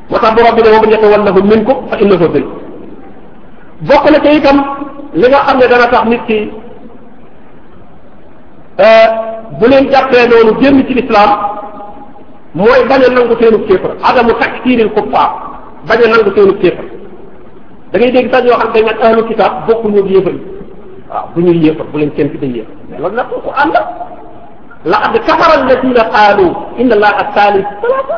A: moo tax borom bi ne moom ñetti wallahu minkum fa innahu bil bokk na ci itam li nga xam ne dana tax nit ki euh, bu leen jàppee noonu génn ci lislaam mooy bañ a nangu seenu kéefar adamu takfiiril kuffaar bañ a nangu seenu kéefar da ngay dégg sax ñoo xam ne dañ naan ahlu kitaab bokkuñu ak yéefar yi waaw bu ñuy yéefar bu leen kenn ci day yéefar mais loolu nag ko ànd laqad kafara alladina qaalu inna allaha thalith thalatha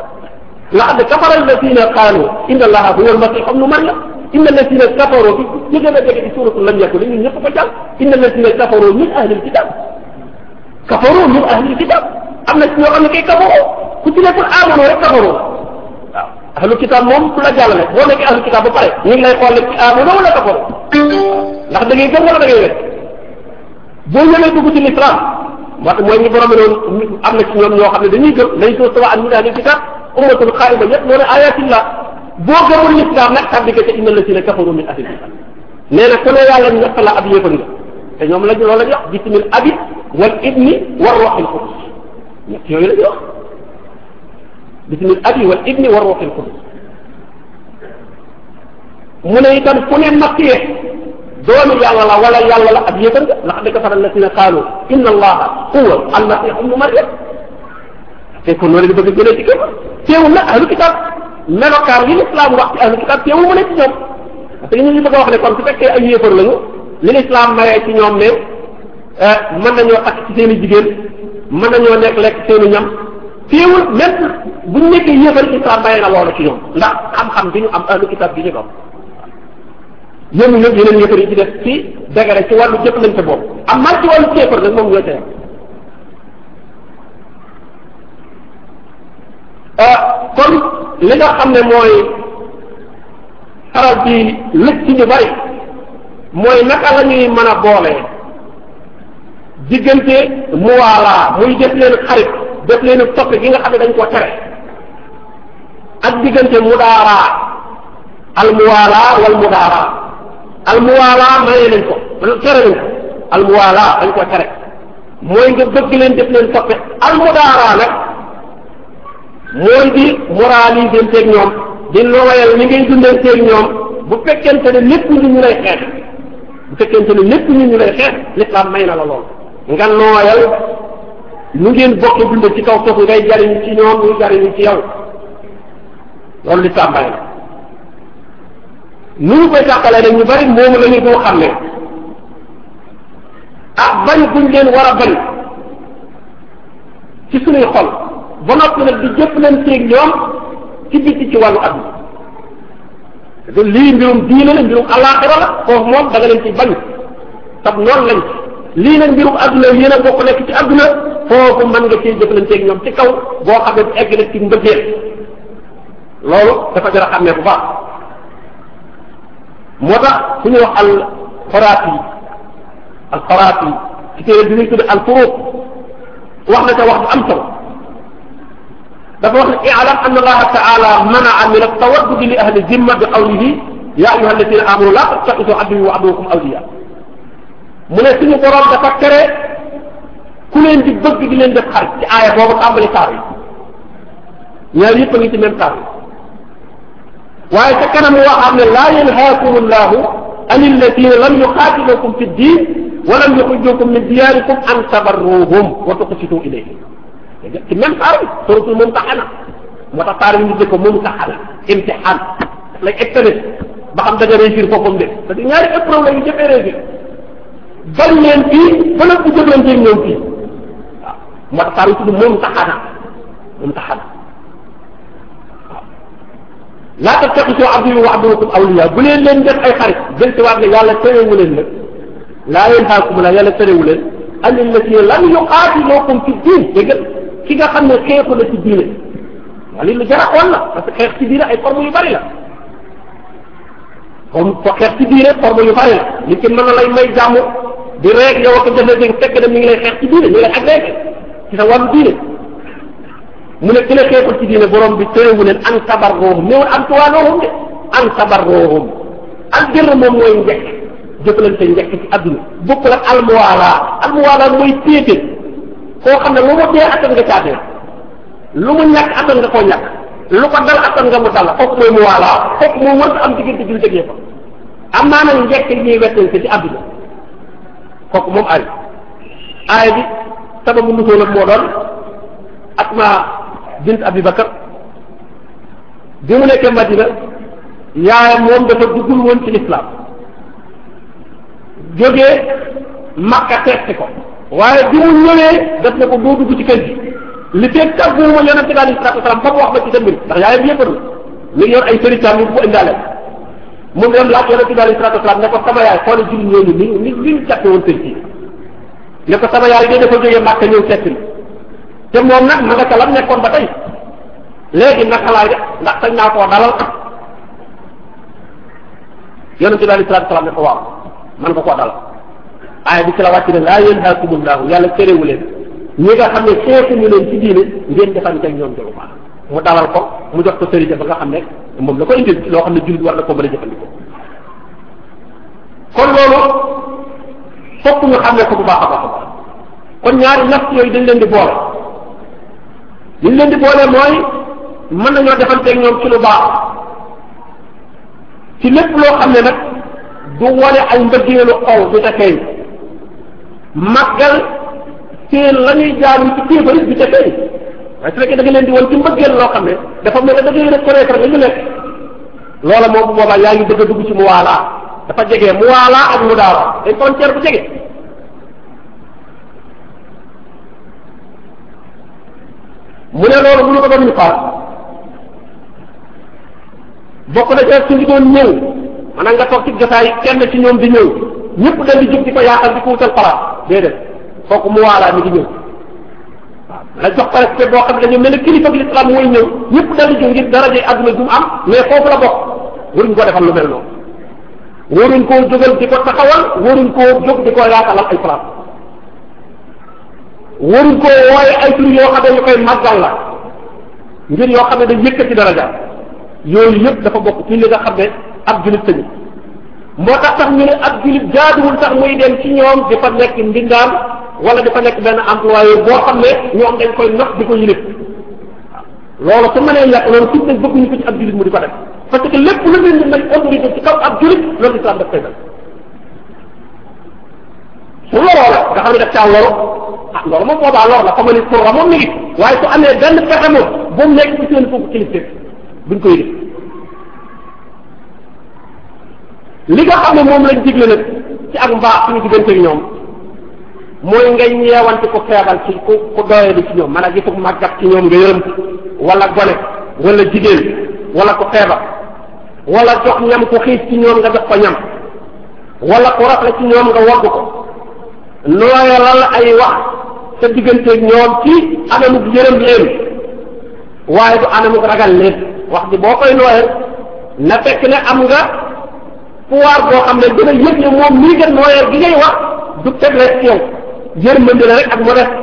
A: laqad kafara alladina qaalu inna allaha huwa almasihu ibnu maryam inna alladina kafaroo bi ñu gën a dégg ci suratu lam yakun ñun ñëpp ko jàll inna alladina kafaroo min ahlil kitab kafaroo min ahlil kitab am na ci ñoo xam ne kay kafaroo ku ci nekkul amono rek kafaru nga waaw ahlu kitaab moom du la jàllale boo nekkee ahlu kitaab ba pare ñu ngi lay xool ci amono wala kafaru ndax da ngay gëm wala da ngay wet boo ñëwee dugg ci l'islam moo tax mooy ñu borom noonu am na ci ñoom ñoo xam ne dañuy gëm lay soo sawa an min ahlil kitaab ummatun qaa'ima yatluuna ayatillah boo gëmul l'islam nag tabbi ka ca inna allaziina kafaru min ahlil kitaab nee na ku ne yàlla ñett la ab yéefar nga te ñoom lañ loolu lañ wax bisimil abi wal ibni war ruuhil qudus ñett yooyu lañ wax bismil abi wal ibni war ruuxil qudus mu ne itam ku ne masiix doomu yàlla la wala yàlla la ab yéefar nga laqad kafara alladina qaalu inna allaha huwa almasix ibnu maryam te kon loolu la bëgg gën a ci képp melokaan yi l'islam wax ci ahlu kitab teewul mu ne ci ñoom parce que ñu ngi bëgg a wax ne kon su fekkee ak yéefar lañu li l'islam mayee ci ñoom ne eh, mën nañoo takk ci seen i jigéen mën nañoo nekk lekk seen i ñam. teewul même bu ñu nekkee yéefar islam bàyyi na loolu ci yoon ndax xam-xam bi ñu am ahlu kitab bi ñu doon ñoom ñoom yeneen yéefar yi ci def ci dagare ci wàllu jëflante boobu am man ci wàllu kéefar nag moom ñoo ca euh, kon li nga xam ne mooy faral bi lëj ci mën a boole diggante muwaalaa muy def leen xarit def leen ak topp gi nga xam ne dañ koo tere ak diggante mudaaraa almuwaalaa wal mudaaraa almuwaalaa mayee nañ ko tere nañ ko almuwaalaa dañ koo tere mooy nga bëgg leen def leen toppe almudaaraa nag mooy di moralisenteeg ñoom di looyal ni ngay dundanteeg ñoom bu fekkente ne lépp ñu ñu lay xeex bu fekkente ne lépp ñu ñu lay xeex lislaam may na la lool nga nooyal lu ngeen bokk dund ci kaw suuf ngay jariñ ci ñoom muy jariñ ci yow loolu li tàmbale la nu ñu koy tàqalee nag ñu bari moomu la ñu doo xam ne ah bañ buñ leen war a bañ ci suñuy xol ba noppi nag di jëflanteeg ñoom ci biti ci wàllu adduna lii mbirum diine la mbirum alaxira la foofu moom da nga leen ci bañ sab noonu lañ lii nag mbirum adduna yéen a bokk nekk ci adduna foofu mën nga cee jëflanteeg ñoom ci kaw boo xam ne egg na ci mbëggeel loolu dafa jar a xàmmee bu baax moo tax ku ñuy wax al faraati al faraati ci téere bi ñuy tudde al furuq wax na ca wax bu am solo dafa wax ne i'lam anna allaha ta'ala mana'a min at-tawaddudi li ahli zimma bi qawlihi ya ayyuha alladhina amanu la tattakhidhu aduwwi wa aduwwakum awliya mu ne suñu borom dafa tere ku leen di bëgg di leen def xarit ci aaya boobu tàmbali saar yi ñaar yëpp a ngi ci même saar yi waaye ca kanam yoo xam ne laa yanhaakum allahu an alladina lam yuqaatilukum fi ddin wa lam yuxrijukum min diyaarikum an tabarruhum wa tuqsitu ilayhim ci même saar bi suratul mumtahana moo tax saar bi ñu dëkk mumtahana imtihan lay externe ba xam da nga réussir boppam de parce que ñaari épreuve la ñu jëfee réussir bañ leen fii ba la ku jëflanteeg ñoom fii moo tax saar wi tudd moom taxaana moom taxaana waaw laa tattaxisoo abdi bu leen leen def ay xarit gën si waat ne yàlla terewu leen nag laa yanhaakum la yàlla terewu leen an allatina lam yuqaatilukum fi diin dégg ki nga xam ne xeexu na ci diine waa li lu jar a xool la parce que xeex ci diine ay forme yu bari la comme xeex ci diine forme yu bari la nit ki mën na lay may jàmm di reeg yow ak jafe-jafe fekk na mi ngi lay xeex ci diine mi ci sa wàllu diine mu ne ki la xeexul ci diine borom bi terewu leen an tabarruhum néew an tuwaaluhum de an tabarruhum al birr moom mooy njekk jëflante njekk ci adduna xam ne lu mu dee attan nga caate lu mu ñàkk attan nga koo ñàkk lu ko dal attan nga mu dal kooku mooy muwaala kooku moo wër am diggante jul tëgee fa am naa nag njekk ñuy wettante ci adduna kooku moom ay aaya bi sababu ndusool ak moo doon Asma bint Abi Bakar bi mu nekkee Madina yaayam moom dafa duggul woon ci lislaam jógee Makka teesti ko waaye bi mu ñëwee daf ne ko boo dugg ci kër gi li fekk tàgguwuma yonente bi alayhi wax ba ci sa mbir ndax yaayam yëppatu mi ngi yor ay sëritam yu bu indaale moom dem laaj yonente bi alayhi salaatu wasalaam ne ko sama yaay xoole jullit ne ko sama yaay de dafa jógee màkka ñëw setti la te moom nag ma nga ca nekkoon ba tey léegi naka laay de ndax sañ naa koo dalal yonente bi alayhi salaatu salaam ne ko waaw man nga koo dalal aaya bi ci la wàcc ne laa yanhaakumullahu yàlla terewu leen ñi nga xam ne seetu ñu leen ci diine ngeen defante ak ñoom jolu baax mu dalal ko mu jox ko sëriñ ba nga xam ne moom la ko indil loo xam ne jullit war na ko mën a jëfandikoo
B: kon loolu
A: fokk ñu ne ko bu baax a ba a kon ñaari naft yooyu dañ leen di boole liñ leen di boole mooy mën nañoo defanteeg ñoom ci lu baax ci lépp loo xam ne nag du wane ay mbëggeelu aw du tekkee màggal seen la ñuy jaamu ci kéefari du tekkee waaye su fekkee da leen di wan ci mbëggeel loo xam ne dafa mel ne da ngay reconnaître li ñu nekk loola moom bu boobaa yaa ngi dëgg a dugg ci mu waalaa dafa jege mu waala ak mu daara day frontière bu jege mu ne loolu mënu ko doon ñu faat bokk na ca suñu doon ñëw maanaam nga toog ci jotaay kenn ci ñoom di ñëw ñëpp dañ di jóg di ko yaatal di ko wutal palaas déedéet kooku mu waala mi di ñëw waaw la jox ko respect boo xam ne dañu mel ne kilifa gi l'islam mooy ñëw ñëpp dañ di jóg ngir daraje adduna ju mu am mais foofu la bokk waruñ ko defal lu mel noonu. waruñ koo jógal di ko taxawal waruñ koo jóg di ko yaatalal ay place waruñ koo wooye ay tur yoo xam ne yu koy màggal la ngir yoo xam ne dañ yëkkati daraja yooyu yëpp dafa bokk ci li nga xam ne ab jullit tamit moo tax sax ñu ne ab jullit jaaduwul sax muy dem ci ñoom di fa nekk ndingaan wala di fa nekk benn employé boo xam ne ñoom dañ koy nax di ko yilif loolu su ma nee yàq loolu suñ nañ bëgguñu ko ci ab jullit mu di ko def parce que lépp lu mel ni may obligé ci ab julit loolu islam daf koy dal
B: su loroo la nga xam ne daf caa loro ah loolu moom boobaa lor la xam ne pour moom mi ngi waaye su
A: amee benn pexe moom bu mu koy
B: def xam ne moom lañ digle
A: nag ci ak mbaax suñu diggante ak ñoom mooy ngay ñeewante ko feebal ci ku ku doyee di ci ñoom man a gisu màggat ci ñoom nga yërëm wala gone wala jigéen wala ko feebar wala jox ñam ku xiis ci ñoom nga jox ko ñam wala ku rafle ci ñoom nga wagg ko nooyalal ay wax sa digganteeg ñoom ci anamuk yërëm leen waaye du anamuk ragal leen wax ji boo koy nooyal na tekk ne am nga pouvoir boo xam ne dina yëg ne moom mii nga nooyal gi ngay wax du faiblesse ci yow yërmande la rek ak modeste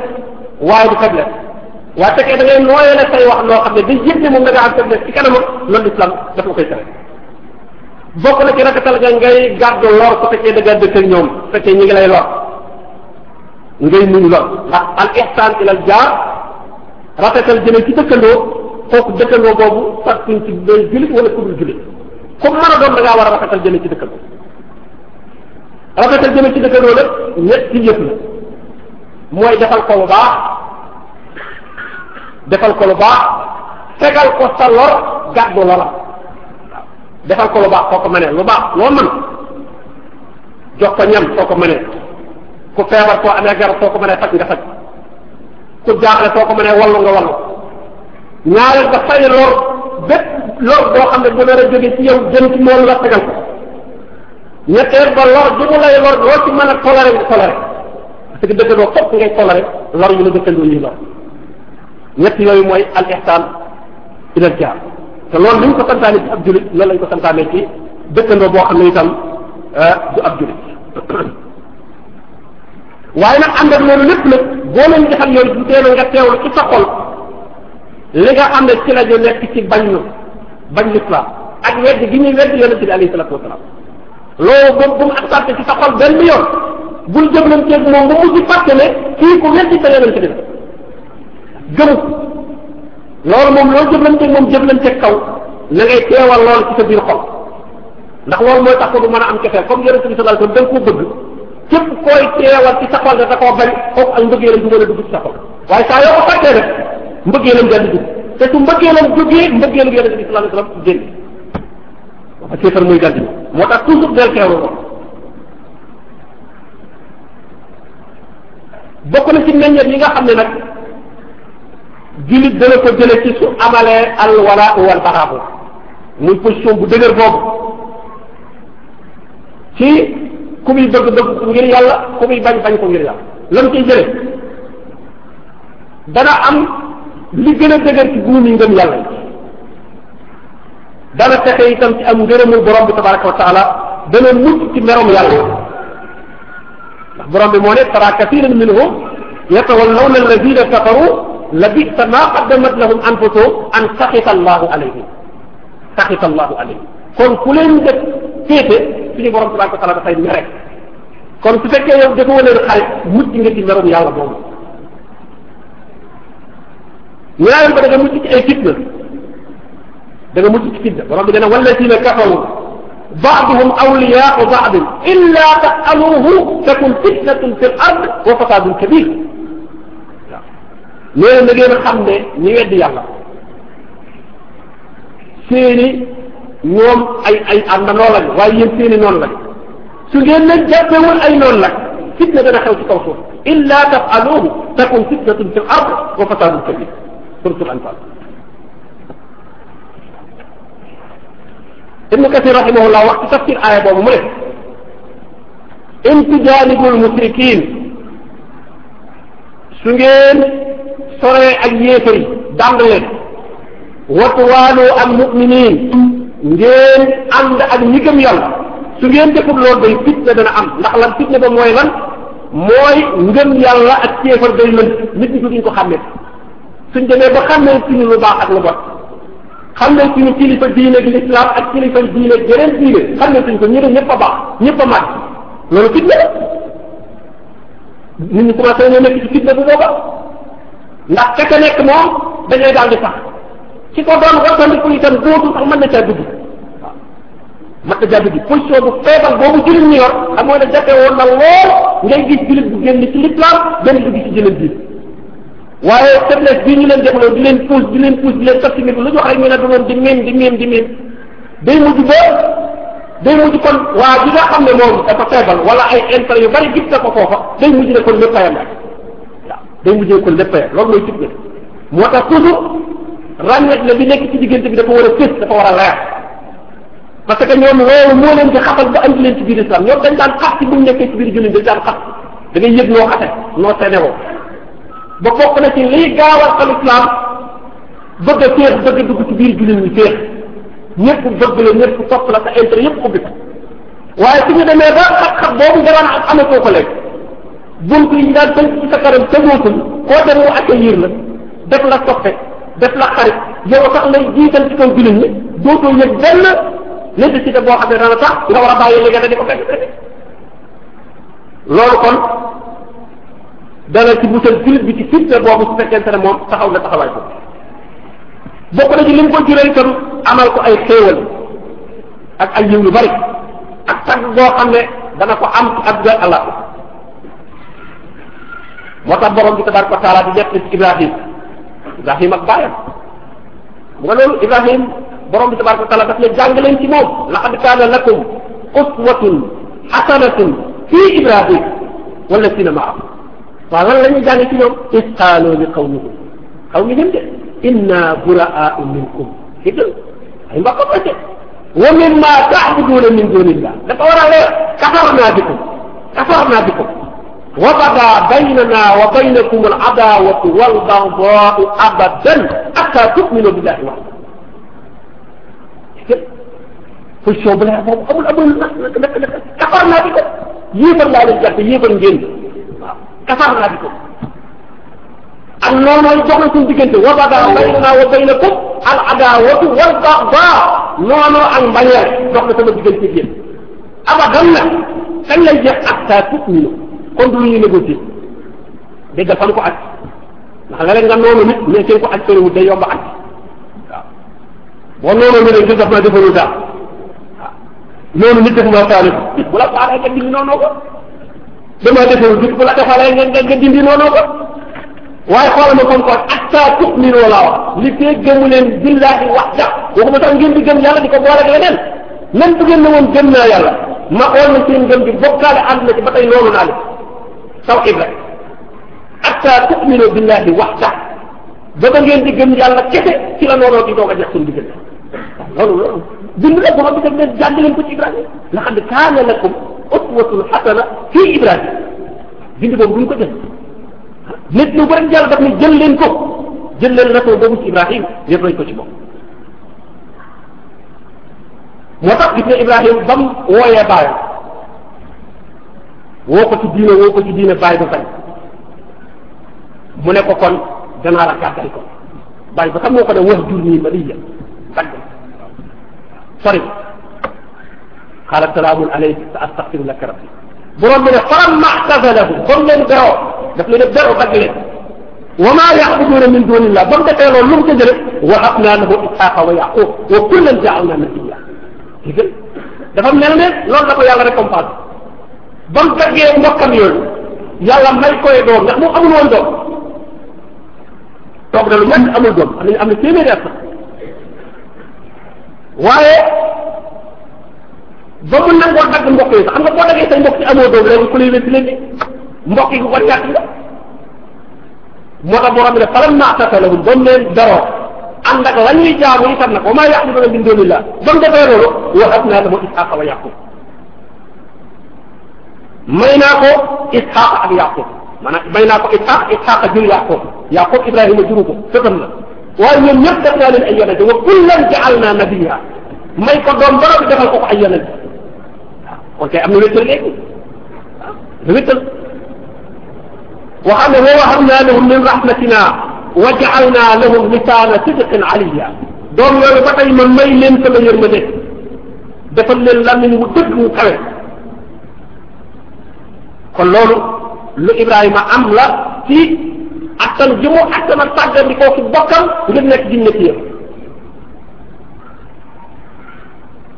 A: waaye du faiblesse waaye fekkee da ngay nooyale say wax loo xam ne day yëg ne moom da nga am faiblesse ci kanamam loolu l'islam daf la koy tere bokk na ci rafetal ga ngay gàddu lor ko fekkee da gàddante ak ñoom fekkee ñi ngi lay lor ngay muñ lor ndax al ilal jaar rafetal jëme ci dëkkandoo kooku dëkkandoo boobu partuñ ci day jullit wala ku dul jullit comme mën a doon da ngaa war a rafetal jëme ci dëkkandoo rafetal jëme ci de nag ñetti yëpp la mooy defal ko lu baax defal ko lu baax tegal ko sa lor gàddu lora defal ko lu baax soo ko mënee lu baax loo mën jox ko ñam soo ko mënee ku feebar soo amee garab soo ko mënee faj nga faj ku jaaxle soo ko manee wallu nga wallu ñaareel ba fay lor bépp lor boo xam ne bu nar a jóge ci yow jëm ci moom la fegal ba lor du mën a toléré nga toléré parce que la dëkkandoo yooyu mooy al ihsan ila te loolu ni ñu ko santaane ci ab jullit noonu lañ ko santaane ci dëkkandoo boo xam ne itam euh, du ab jullit waaye nag ànd ak loolu lépp nag boo leen defal yooyu du tee na nga teewlu ci sa xol li nga xam ne ci la ñu bañ nu bañ lislaam ak wedd gi ñuy wedd yonente bi alayhi salatu wasalaam loolu boobu bu mu accepté ci sa xol benn yoon bul jëflanteeg moom ba mujj fàtte ne kii ku weddi sa yonente bi gëmu lool moom loolu jëflanteeg moom jëflanteeg kaw na ngay teewal loolu ci sa biir xol ndax loolu mooy tax ko du mën a am cofeel comme yonente bi sallallahu alayhi wasallam da nga koo bëgg képp koy teewal ci sa xol da koo bari kooku ak mbëggee a dugg sa xol waaye saa yoo ko fàttee rek mbëggee lañ daal di dugg te su mbëggee lañ duggee mbëggee lañ yonente bi sallallahu alayhi wasallam génn ak kéefar muy daal di moo tax toujours del teewlu ko bokk na ci meññeet yi nga xam ne nag jullit dana ko jële ci su amalee al wal baraabu muy position bu dëgër boobu ci ku muy bëgg bëgg ko ngir yàlla ku muy bañ bañ ko ngir yàlla lan ciy jële dana am li gën a dëgër ci buumi ngëm yàlla yi dana texe itam ci am ngërëmul borom bi tabaraka wa taala dana mucc ci merom yàlla ndax borom bi moo ne tara kathiran minhum yatawallawna alladina kafaru la bisa maa qaddamat lahum anfusuhum an saxita allahu alayhim saxita allahu alayhim kon ku leen def féete suñu borom tabaraka wa taala dafay mere kon su fekkee yow defoo leen xarit mucc nga ci merum yàlla moomu ñaareel ba da nga mucc ci ay fitna da nga mucc ci fitna borom bi dana walladina kafaru baaduhum awliyaau baadin illa tafaluhu takun fitnatun fi l ard wa fasadun kabir nee na na ngeen a xam ne ñi weddi yàlla seeni ñoom ay ay àndandoo lañ waaye yéen seeni noonu lañ su ngeen leen jàppewul ay noonu lañ fitna dana xew ci kaw suuf illa tafaluhu takun fitnatun fil ard wa fasadun kabir suratul anfal ibnu kasir rahimahullah wax ci tafsir aaya boobu mu ne in tujaanibul mushrikin su ngeen soree ak yéefar yi dànd leen watuwaaloo ak mu'miniin ngeen ak ñi gëm yàlla su ngeen defut loolu day fitna dana am ndax la fitna ba mooy lan mooy ngëm yàlla ak kéefar day lënd nit ñi duñ ko xàmmee suñ demee ba xàmmee ak lu bon xam ne suñu kilifa diine gi lislaam ak kilifa diine yeneen diine xam ne suñ ko ñu ne ñëpp ba baax ñëpp a màgg loolu fitna nit ñi commencé na nekk ci fitna bu booba ndax ka ca nekk moom dañuy daal di sax ci ko doon wattandiku itam dootul sax mën na caa dugg waaw mën na caa te position bu feebal boobu jullit ñu yor xam nga ne jafe woon na lool ngay gis jullit bu génn ci lislaam benn dugg ci jëleen biir waaye faiblesse bii ñu leen defaloon di leen pousse di leen pousse di leen sotti lu ñu wax rek ñu ne du di miin di miin di mu day mujj ba day mujj kon waa bi nga xam ne moom dafa feebal wala ay intérêt yu bari gis na ko foofa day mujj ne kon lépp ayam rek day mujjee kon lépp mooy fitna moo tax toujours ràññeek ne li nekk ci diggante bi dafa war a fés dafa war a leer parce que ñoom loolu moo leen ci ba andi leen ci biir islam ñoom dañ daan xat ci bu nekkee ci biir jullit dañ daan xat da ngay yëg noo xate noo woo ba bokk na ci liy gaawal al islam bëgg a féex bëgg a dugg ci biir jullit ñi féex ñëpp le la ñëpp topp la sa intérêt yëpp ubbi ko waaye su ñu demee ba xat-xat boobu garaan a amatoo ko lekk bunt yi ñu daan tënk ci sa kanam tënootul koo dem mu accueillir la def la soppe def la xarit yow sax ngay jiital ci kaw jullit ñi boo xam ne dana tax nga war a bàyyi li nga ne di ko dana ci musal jullit bi ci fitna boobu su fekkente ne moom taxaw na taxawaay ko bokk na ci li mu ko jural itam amal ko ay xéewal ak ay yiw yu bari ak tagg boo xam ne dana ko am ci àdduna Allah moo tax borom bi tabaraka wa taala di nekk Ibrahim Ibrahim ak baayam bu nga loolu Ibrahim borom bi tabaraka wa taala daf ne jàng leen ci moom laqad kaana lakum uswatun hasanatun fii Ibrahim wala sina ma'ahu waaw lan la ñuy jàng ci ñoom is qaalu li qawmihim qawmihim de inna buraa'u minkum dégg ay mbokkam la de wa mimma ta'buduuna min duunillah dafa war a leer kafarnaa bikum kafarnaa bikum وبدا بيننا وبينكم العداوة والبغضاء أبدا حتى تؤمنوا بالله وحده position bu la moom amul amul kafar naa bi ko yéefar laa leen jàpp yéefar ngeen waaw kafar naa bi ko ak noonu mooy dox na suñu diggante wa bada baynana wa baynakum al adawatu wal bagda noonu ak mbañeel dox na sama diggante yéen abadan na kañ lay jeex ak saa tuut ñu kon du lu ñuy négocier dégg nga fan ko at ndax léeg-léeg nga noonu nit mais seen ko at soriwul day yomb at waaw boo noonu nit rek daf maa defalu daa waaw noonu nit daf maa faale ko bu la faalee nga dindi noonu ko damaa defalu nit bu la defalee nga nga nga dindi noonu ko waaye xoolal ma kon kon hatta tu'minu laa wax li fee gëmu leen billahi wahda waxuma sax ngeen di gëm yàlla di ko boole ak leneen même bu ngeen ne woon gëm naa yàlla ma xool na seen gëm bi bokkaale ànd na ci ba tey noonu naa leen tawxiid la hatta tu'minu billahi waxta ba ba ngeen di gëm yàlla kese ci la noonoo di doog a jeex suñu diggante loolu loolu bind la borom bi daf leen jàng leen ko ci Ibrahima laqad kaana lakum uswatun xasana fii Ibrahima bind boobu duñ ko jël nit ñu bëri yàlla daf ne jël leen ko jël leen ratoo boobu ci Ibrahima yëpp lañ ko ci moom. moo tax gis nga Ibrahima ba mu wooyee baayam woo ko ci diine woo ko ci diine bàyyi bu bañ mu ne ko kon danaa la gàddal ko bàyyi ba xam moo ko ne wax jur nii ba liy jël dagg sori xaaral salaamun aleyka sa astaxfiru laka rabbi borom bi ne faram maxtasalahu comme leen beroo daf leen beroo dagg leen wa maa yaabuduuna min duunillah ba mu defee loolu lu mu jëndee wa habnaa lahu isxaaqa wa yaquub wa kullan jaalnaa nabiyya dafa mel ne loolu la ko yàlla récompense ba mu taggee mbokkam yooyu yàlla may koy doom ndax moom amul woon doom toog na lu yàgg amul doom am nañu am na téeméeri at sax waaye ba mu nangoo dagg mbokk yi sax xam nga boo daggee say mbokk ci amoo doom léegi ku yi ku ko ñàkk nga moo tax borom bi ne falam naatata lahum ba mu leen daroo ànd ak la ñuy jaamu itam nag wa maa ya'buduuna min duunillah ba mu defee loolu wa habnaa lahu ishaqa wa yaqub may naa ko Isxaq ak Yaqub maanaam may naa ko Isxaq Isxaq jur Yaqub Yaqub Ibrahima juru ko sëtam la waaye ñoom ñëpp def naa leen ay yonente wa kullan jaalna nabiya may ko doom borom bi defal ko ko ay yonente waaw kon kay am na wéttal léegi waaw lu wéttal waxam ne wa wahabna lahum min rahmatina wa jaalna lahum lisaana sidqin aliya doom yooyu ba tey ma may leen sama yërmande defal leen làmmiñ wu dëgg wu kawe kon loolu lu Ibrahima am la ci attan ji mu attan ak tàggat di koo ci bokkam ngir nekk di nekk yëpp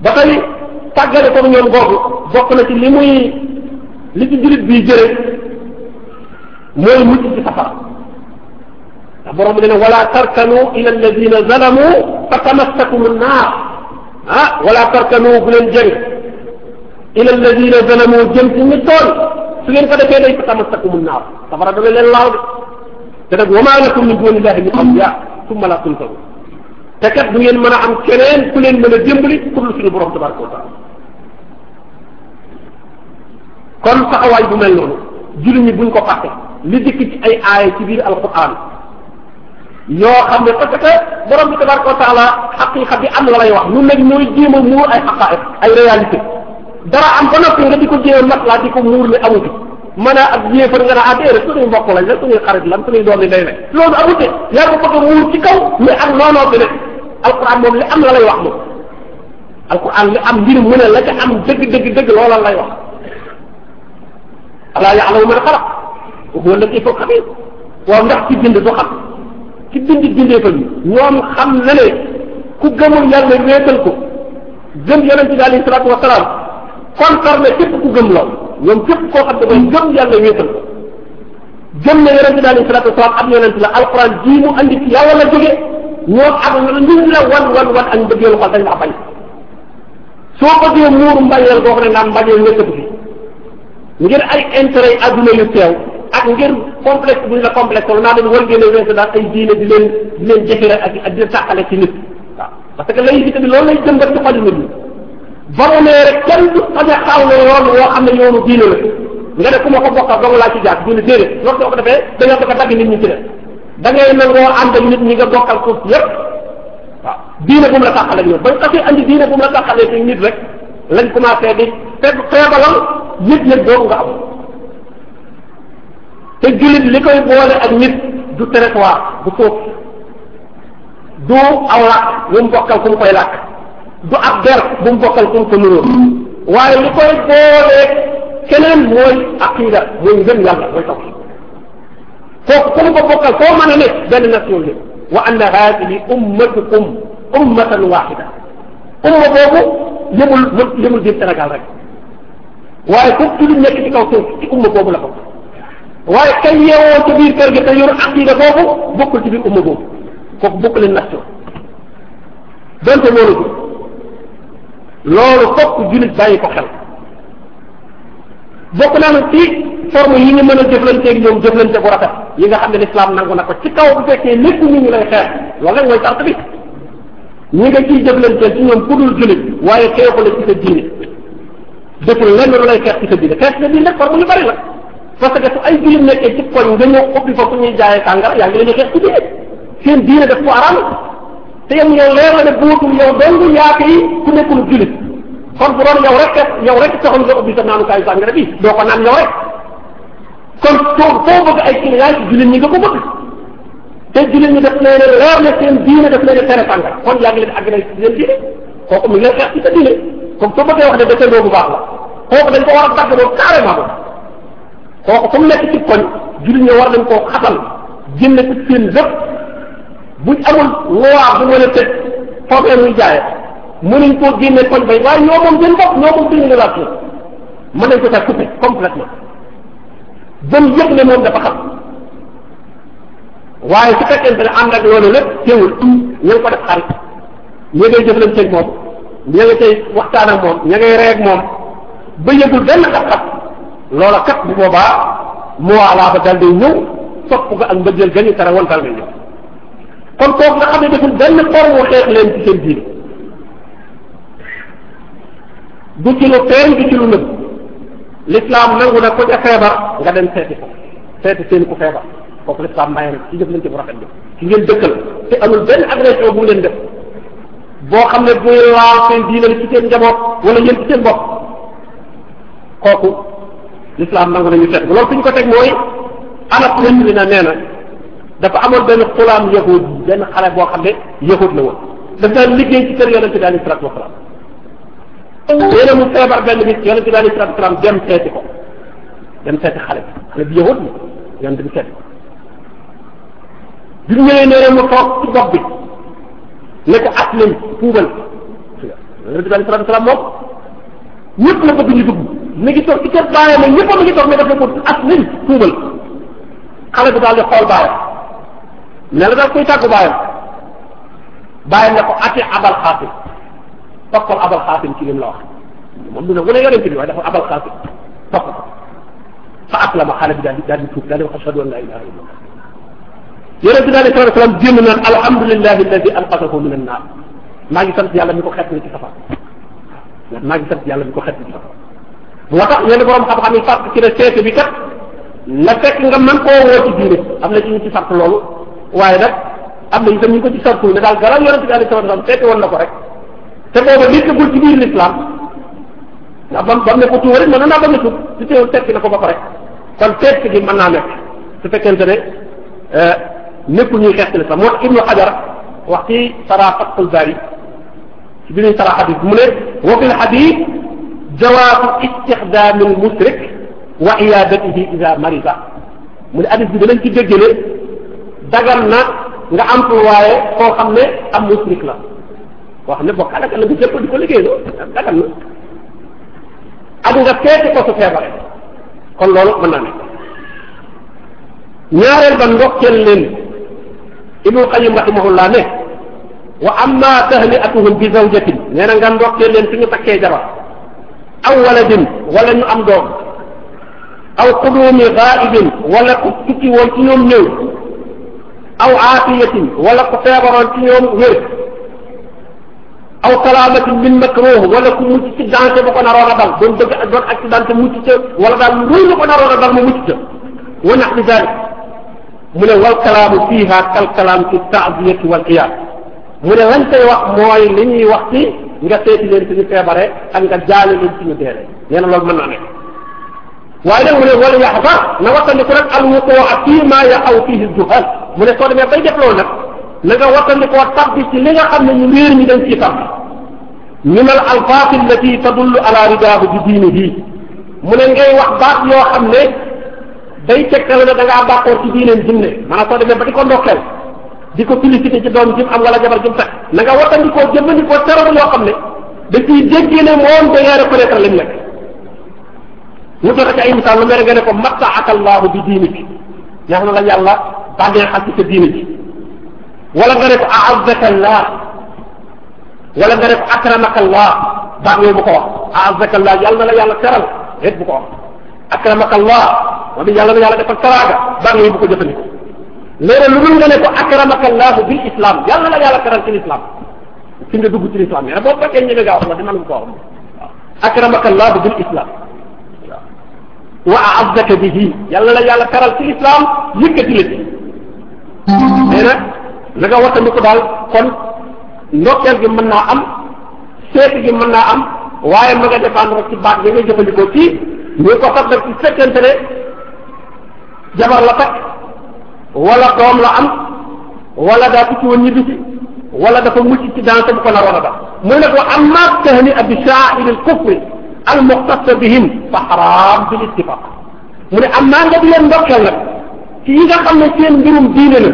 A: ba tey tàggale comme ñoom googu bokk na ci li muy li ci jullit bi jëre mooy mucc ci safara ndax borom bi ne wala tarkanu ila alladina zalamu fa tamassakum annaar ah wala tarkanu bu leen jëng ila alladina zalamu jëm ci ñi tooñ su ngeen ko defee day ko tamasakumu naar safara dana leen laaw de te nag wama lakum min dunillahi min awliya summa la tunsaru te kat du ngeen mën a am keneen ku leen mën a dimbali pour lu suñu borom tabaraka wa taala kon taxawaay bu mel noonu jullit ñi buñ ko fàtte li dikk ay aaya ci biir alquran yoo xam ne parce que borom bi tabaraka wa taala xaqiqa bi am la lay wax nun nag mooy jéem a muur ay xaqaa'iq ay réalité dara am ba noppi nga di ko jéem matelas di ko muur ne amuti mën a ak yéefar nga naa ah déedéet suñuy mbokk la suñuy xarit lan suñuy doom yi day nekk loolu amuti yaa ko bëgg a muur ci kaw mais ak noonoo bi ne moom li am la wax moom alquran li am mbir mu ne la ca am dëgg dëgg dëgg loola lay wax alaa ya'lamu man xalaq huwa al-latiiful xabiir waaw ndax ci bind du xam ci bind bindeefal yi ñoom xam na ku gëmul yàlla wéetal ko gëm yonente bi alayhi salaatu concerné képp ku gëm lool ñoom képp koo xam ne mooy gëm yàlla wéetal ko gëm na yonente bi alayhi salatu wasalaam am yonente la alquran jii mu andi ci yàlla la jóge ñoom ak luñ la wan wan wan ak mbëggeelu xol dañ la bañ soo bëggee muuru mbañeel boo xam ne naan mbañeel nekkatu fi ngir ay intérêt yi adduna yu teew ak ngir complexe bu ñu la complexe wala naa leen war ngeen a weesu daal ay diine di leen di leen jëfee ak di leen sàqale ci nit waaw parce que laïcité bi loolu lay jëmbat ci xolu nit ba mu nee rek kenn du sañ a na ne yoon woo xam ne yoonu diine la nga ne ku ma ko bokkal dong laa ci jaar diine déedéet loolu soo ko defee da nga dafa dagg nit ñi ci def da ngay nangoo ànd ak nit ñi nga bokkal ko yépp waaw diine bu mu la taxalee ak ñoom bañ xasee andi diine bu mu la taxalee ak nit rek lañ commencé di te xeebalal nit ñi doogu nga am te jullit li koy boole ak nit du territoire du foofu du aw làkk ñu mu bokkal ku mu koy làkk du ab der bu mu bokkal ku ko nuróo waaye lu koy boolee keneen mooy aqida mooy ngëm yàlla mooy tawhid kooku ku mu ko bokkal koo mën a nekk benn nation la wa anna haadihi ummatukum ummatan waxida umma boobu yëmul yëmul biir Sénégal rek waaye ku tudd nekk ci kaw suuf ci umma boobu la ko waaye kay yeewoo ca biir kër gi te yor aqida boobu bokkul ci biir umma boobu kooku bokkul leen nation donte loolu loolu fokk jullit bàyyi ko xel bokk naa nag ci forme yi ñu mën a jëflanteeg ñoom jëflante bu rafet yi nga xam ne lislaam nangu na ko ci kaw bu fekkee nekk ñu ñu lay xeex loolu rek mooy sart bi ñi nga ciy jëflanteel ci ñoom ku dul jullit waaye ko la ci sa diine deful lenn lu lay xeex ci sa diine xeex sa la parce que su ay jullit nekkee nga ñëw ubbi fa ku ñuy jaayee sàngara yaa ngi leen di xeex ci diine seen diine daf ko te yow yow leer la ne bootum yow dong yaa koy ku nekkul julit kon bu doon yow rek yow rek taxul nga ubbi sa naanukaayu sàngara bi doo ko naan yow rek kon foo foo bëgg ay clients julit ñi nga ko bëgg te julit ñi def leen leer ne seen diine def leen tere sàngara kon yaa ngi leen agréé ci seen diine kooku mi ngi lay xeex ci sa diine comme soo bëggee wax ne dëkkandoo bu baax la kooku dañ ko war a dagg doon carrément kooku fu mu nekk ci koñ julit ñi war nañ koo xatal génne ci seen lépp buñ amul loi bu mën a tëj foofee muy jaayee mënuñ koo génne koñ bay waaye ñoo moom seen bopp ñoo moom seen relation mën nañ ko ca coupé complètement jëm yëpp ne moom dafa xam waaye su fekkente ne ànd ak loolu lépp teewul ña ngi ko def xarit ña ngay jëflanteeg moom ña nga cay ak moom ña ngay rey yëgul benn xat-xat loola kat bu boobaa mu waalaa ba dal day ñëw sopp ko ak mbëjjël gañu tara wantal nga ñëw kon kooku nga xam ne deful benn xor mu xeex leen ci seen diine du ci lu feeñ du ci lu nëb l'islam nangu na ko ca feebar nga dem seeti ko seeti seen ku feebar kooku l'islam maye na ci jëflante bu rafet bi ci ngeen dëkkal te amul benn agression bu leen def boo xam ne buy laal seen diine ci seen njaboot wala yéen ci seen bopp kooku l'islam nangu na ñu seet loolu fi ñu ko teg mooy anak lañ li na nee na dafa amoon benn xulaam yahud benn xale boo xam ne yahud la woon daf daan liggéey ci kër yonente bi alayhi salaatu wasalaam nee na mu feebar benn bis yonente bi alayhi salaatu wasalaam dem seeti ko dem seeti xale bi xale bi yahud la yonente bi seeti ko bi mu ñëwee nee na mu toog ci bopp bi ne ko at nañ puubal yonente bi alayhi salaatu wasalaam moom ñëpp la bëgg ñu dugg mi ngi toog ci kër baayam ñëpp a mi ngi toog mais dafa ko at nañ puubal xale bi daal di xool baayam ne la daf koy tàggu baayam bàyyam ne ko ati abal xaasim toppal abal xaasim ci lim la wax moom du ne mu ne yonent bi waaye dafa abal xaasim topp ko fa aslama xale bi daal di daal di tuub daal di wax ashhadu an la ilaha illallah yonent bi alayhi salatu wasalam génn naan alhamdulillahi alladi anqadahu min annaar maa ngi sant yàlla mi ko xet ni ci safar maa ngi sant yàlla mi ko xet ni ci safar moo tax ñenn borom xam-xam yi fàtt ci ne seete bi kat na fekk nga mën koo woo ci diine am na ci ñu ci sart loolu waaye nag am na itam ñu ngi ko ci sartu ne daal garaw yonente bi alayhi salatu wasallam fekke woon na ko rek te booba nekkagul ci biir l'islam ndax bam bam ne ko tuuba rek mën na naa bañ a tuub su teewul tekki na ko ba pare kon tekki gi mën naa nekk su fekkente ne euh, nekkul ñuy xeex ci l'islam moo tax ibnu xajar wax ci sara fatul bari ci bi ñuy sara xadis mu ne wa fil xadis jawaabu istixdaamil musrik wa iyaadatihi ida marida mu ne hadis bi danañ ci déggale dagan na nga employé koo xam ne am musrik la koo xam ne bokk alaka la nga jëpp di ko liggéey loo dagan na ak nga seeti ko su feebare kon loolu mën naa nekk ñaareel ba ndokkeel leen ibnu qayyim rahimahullah ne wa amma tahni'atuhum bi zawjatin nee na nga ndokkeel leen suñu takkee jabar aw waladin wala ñu am doom aw qudumi ghaibin wala ku tukki woon ci ñoom ñëw aw aafiyatin wala ku feebaroon ci ñoom wér aw salaamatin min makruh wala ku mucc ci danger bu ko naroon a dal doon bëgg doon accident te mucc ca wala daal luy lu ko naroon a dal mu mucc ca wa naxwi dalik mu ne wal kalaamu fiiha kal kalaam fi taadiyati wal iyaad mu ne lañ koy wax mooy li ñuy wax ci nga seeti leen suñu feebare ak nga jaale leen suñu deele nee na loolu mën naa nekk waaye nag mu ne wala yaxdar na wattandiku nag alwuqua fii ma yaqaw fihi duhal mu ne soo demee bay def loolu nag na nga wattandikoo tabbi ci li nga xam ne ñu wéer ñi dañ ciy tabbi min al alfaat allati tadullu ala ridaahu bi diinihi mu ne ngay wax baat yoo xam ne day tegtal ne da ngaa bàkkoor ci diineem jim ne maanaam soo demee ba di ko ndokkeel di ko félicité ci doom jim am wala jabar jim teg na nga wattandikoo jëmmandikoo terewul yoo xam ne da ciy déggee ne moom da ngay reconnaître li mu mu joxe ci ay misaal lu mel nga ne ko matta ak allahu bi diini bi neex na la yàlla bànneexal ci sa diini bi wala nga ne ko aazaka allah wala nga ne ko akramaka allah baat yooyu bu ko wax aazaka allah yàlla na la yàlla teral xeet bu ko wax akramaka allah wala yàlla na yàlla defal taraaga baat yooyu bu ko jëfandikoo léeg-léeg lu dul nga ne ko akramaka allah bil islam yàlla na yàlla teral ci l'islam fi nga dugg ci l'islam yi rek boo fekkee ñebe gaaw wax la dina la bu ko wax waaw akramaka allah bil islam wa azzaka bi yàlla la yàlla taral ci lislaam yëkkati la ci nee na na nga wattandiku daal kon ndokkeel gi mën naa am seet gi mën naa am waaye ma nga dépendre ci baat bi nga jëfandikoo ci ñu ko fas nag ci fekkente ne jabar la takk wala doom la am wala daa tukki woon ñibbi ci wala dafa mucc ci danse bu ko a def muy ne ko am tahni abi sha'ir al kufri al muxtasa bihim fa xaraam bil ittifaq mu ne am naa nga di leen ndokkeel nag ci yi na xam ne seen mbirum diine la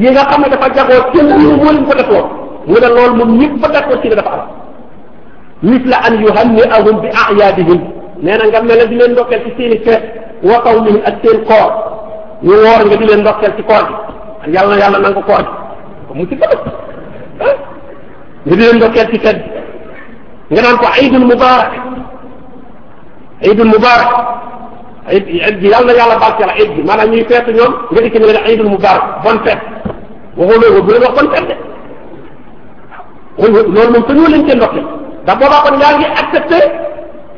A: yi nga xam ne dafa jagoo seen mbirum moo leen ko defoo mu ne loolu moom ñëpp ba d'accord ci ne dafa am misla an yuhanniahum bi ayaadihim nee na nga mel di leen ndokkeel ci seen i feet wa sawmihim ak seen koor ñu woor nga di leen ndokkeel ci koor gi yàlla na yàlla nangu koor gi mu ci bëgg nga di leen ndokkeel nga naan ko aydul mubaarak aydul mubaarak ayib ayib gi yàlla na yàlla barkeel la ayib gi maanaam ñuy feetu ñoom nga dikk ne la aydul mubaarak bonne fête waxoo loolu bu leen wax bonne fête de loolu moom te ñoo leen cee ndokkee ndax boobaa kon yaa ngi accepté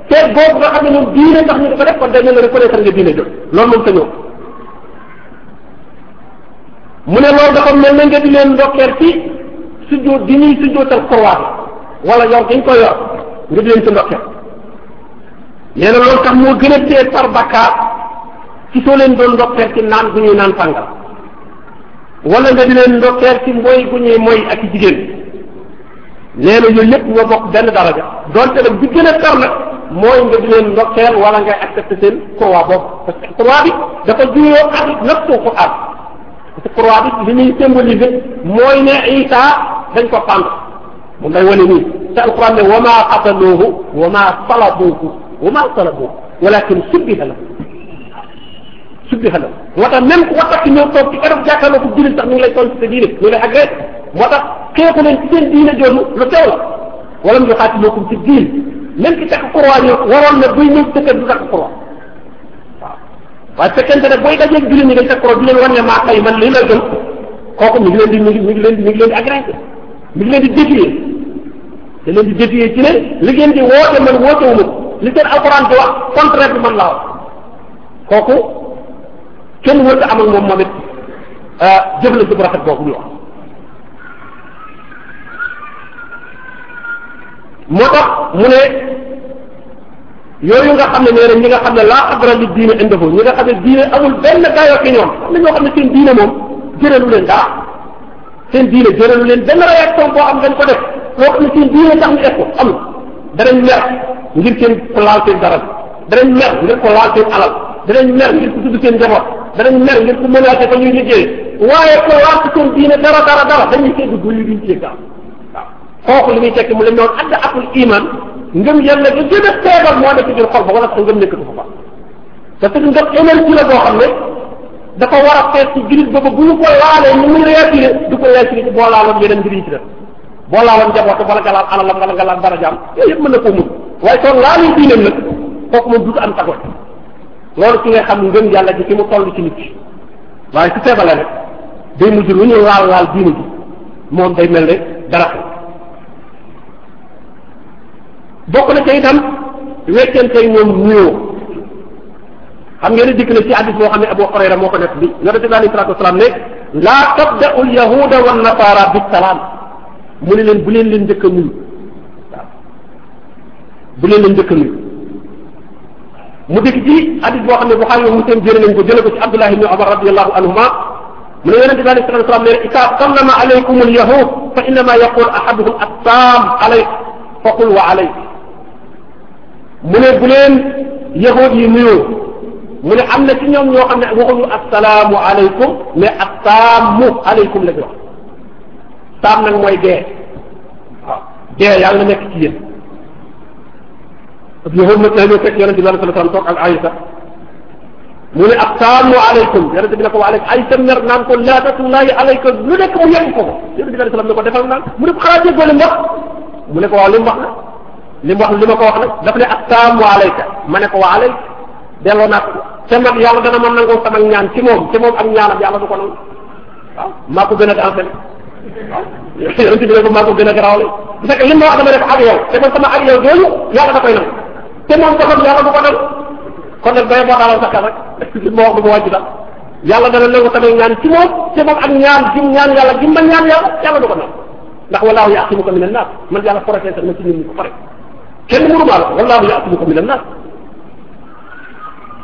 A: feet boobu nga xam ne ñoom diine tax ñu dafa def kon dañ leen reconnaître nga diine jot loolu moom te ñoo
B: mu ne loolu dafa
A: mel na nga di leen ndokkeel ci sujjóot di ñuy wala yor gi ñu ko yor nga di leen ci ndokke nee na loolu tax moo gën a téye par bakkaar ci soo leen doon ndokkeel ci naan gu ñuy naan sàngal wala nga di leen ndokkeel ci mooy gu ñuy mooy ak jigéen nee na yooyu yëpp ñoo bokk benn daraja donte nag bi gën a tar nag mooy nga di leen ndokkeel wala ngay accepté seen croix boobu parce que croix bi ko at parce que mooy ne Isa dañ ko pendre moom day wane nii te alquran ne wa maa qataluuhu wa maa salabuuhu wa maa salabuuhu walakin subbiha lahu subbiha lahu moo tax même ku waxtaan ci ñëw toog ci kanam jàkkaarloo ko jullit sax ñu ngi lay toll ci sa diine ñu ngi lay agressé moo tax xeexu leen ci seen diine jooju lu teew la wala mu yuqaatilukum fi diin même ki takk croix ñu waroon na buy ñëw dëkk du takk croix waaw waaye fekkente ne booy dajeeg jullit ñi dañ takk croix di leen wan ne maa xëy man lii la gën kooku mi ngi leen di mi ngi mi ngi leen di mi ngi leen di agressé mi ngi leen di défier da leen di défier ci ne li ngeen di woote man woote wu ma li seen alxuraan di wax contraire bi man laa kooku kenn wër am ak moom moom it ah, jëflante bu rafet boobu ñu wax. moo tax mu ne yooyu nga xam ne nee na ñi nga xam ne la xadra li diine indahu ñi nga xam ne diine amul benn dayoo ci ñoom li na ñoo xam ne seen diine moom jëralu leen dara seen diine lu leen benn réaction boo am dañ ko def. loo xam ne seen diine tax ñu def ko am danañ mer ngir seen ko laal seen dara danañ mer ngir ko laal seen alal danañ mer ngir ko tudd seen njaboot danañ mer ngir ko menacé fa ñuy liggéey waaye ko laal ci seen diine dara dara dara dañuy seetlu góor yi duñ cee gaaw waaw kooku li muy tekki mu leen noonu adda akul iman ngëm yàlla ga gën a feebar moo nekk ci biir xol ba wala sax ngëm nekkatu ko fa parce que ngëm énergie la boo xam ne dafa war a fees ci jullit boobu bu ñu ko laalee ñu muy réactivé du ko réactivé ci boo laaloon yeneen mbir yi ci def boo laaloon njabootam wala nga laal alalam wala nga laal darajaam yooyu yëpp mën na koo mun waaye soo laaloo diineem nag kooku moom duutu am tagoy loolu ci ngay xam ngëm yàlla ji fi mu toll ci nit ki waaye su feebale rek day mujj lu ñu laal laal diine ji moom day mel ne dara bokk na ca itam weccantey ñoom nuyoo xam ngeen ne dikk na ci hadis moo xam ne Abu Hurayra moo ko nekk bi yonente bi alayhi salaatu wasalaam ne laa tabda'u al yahuda nasaara bis salaam mu ne leen bu leen leen njëkk a nuyu waaw bu leen leen njëkk a nuyu mu dëkk ci hadith boo xam ne Buxaari wa Muslim jëlee nañ ko jëlee ko ci Abdullah ibn Umar radiyallahu anhuma mu ne yonente bi alayhi salatu wasalam nee na ida sallama alaykum al yahud fa innama yaqul ahaduhum assalam alayk faqul wa alayk mu ne bu leen yahud yi nuyoo mu ne am na ci ñoom ñoo xam ne waxuñu assalaamu alaykum mais assaamu alaykum la ñu wax taam nag mooy dee waaw dee yàlla na nekk ci yéen parce que yow nag dañoo fekk yonente bi sallallahu alayhi wa sallam toog ak Aïsa mu ne assalamu aleykum yonente bi ne ko wa aleykum Aïsa mer naan ko laanatullahi aleyka lu nekk mu yegg ko yonente bi sallallahu alayhi wa sallam ko defal naan mu ne ko xanaa déggoo li mu mu ne ko waaw li wax nag li mu wax li ma ko wax nag daf ne assalamu aleyka ma ne ko wa aleyk delloo naa ko te nag yàlla dana ma nangoo sama ñaan ci moom ci moom ak ñaanam yàlla du ko nangu maa ko gën a dansé yonent bi ne ko maa ko gën a garaawle bu fekkee li ma wax dama def ak yow te man sama ak yow yooyu yàlla da koy nangu te moom boppam yàlla du ko nangu kon nag day boo daalal sa xel rek li ma wax du ma wàcc sax yàlla dana nangu tamit ñaan ci moom te moom ak ñaan jim ñaan yàlla jim ma ñaan yàlla yàlla du ko nangu ndax wallahu yaasimuka min annaas man yàlla protéger na ci nit ñi ko pare kenn mënu maa la ko wallahu yaasimuka min annaas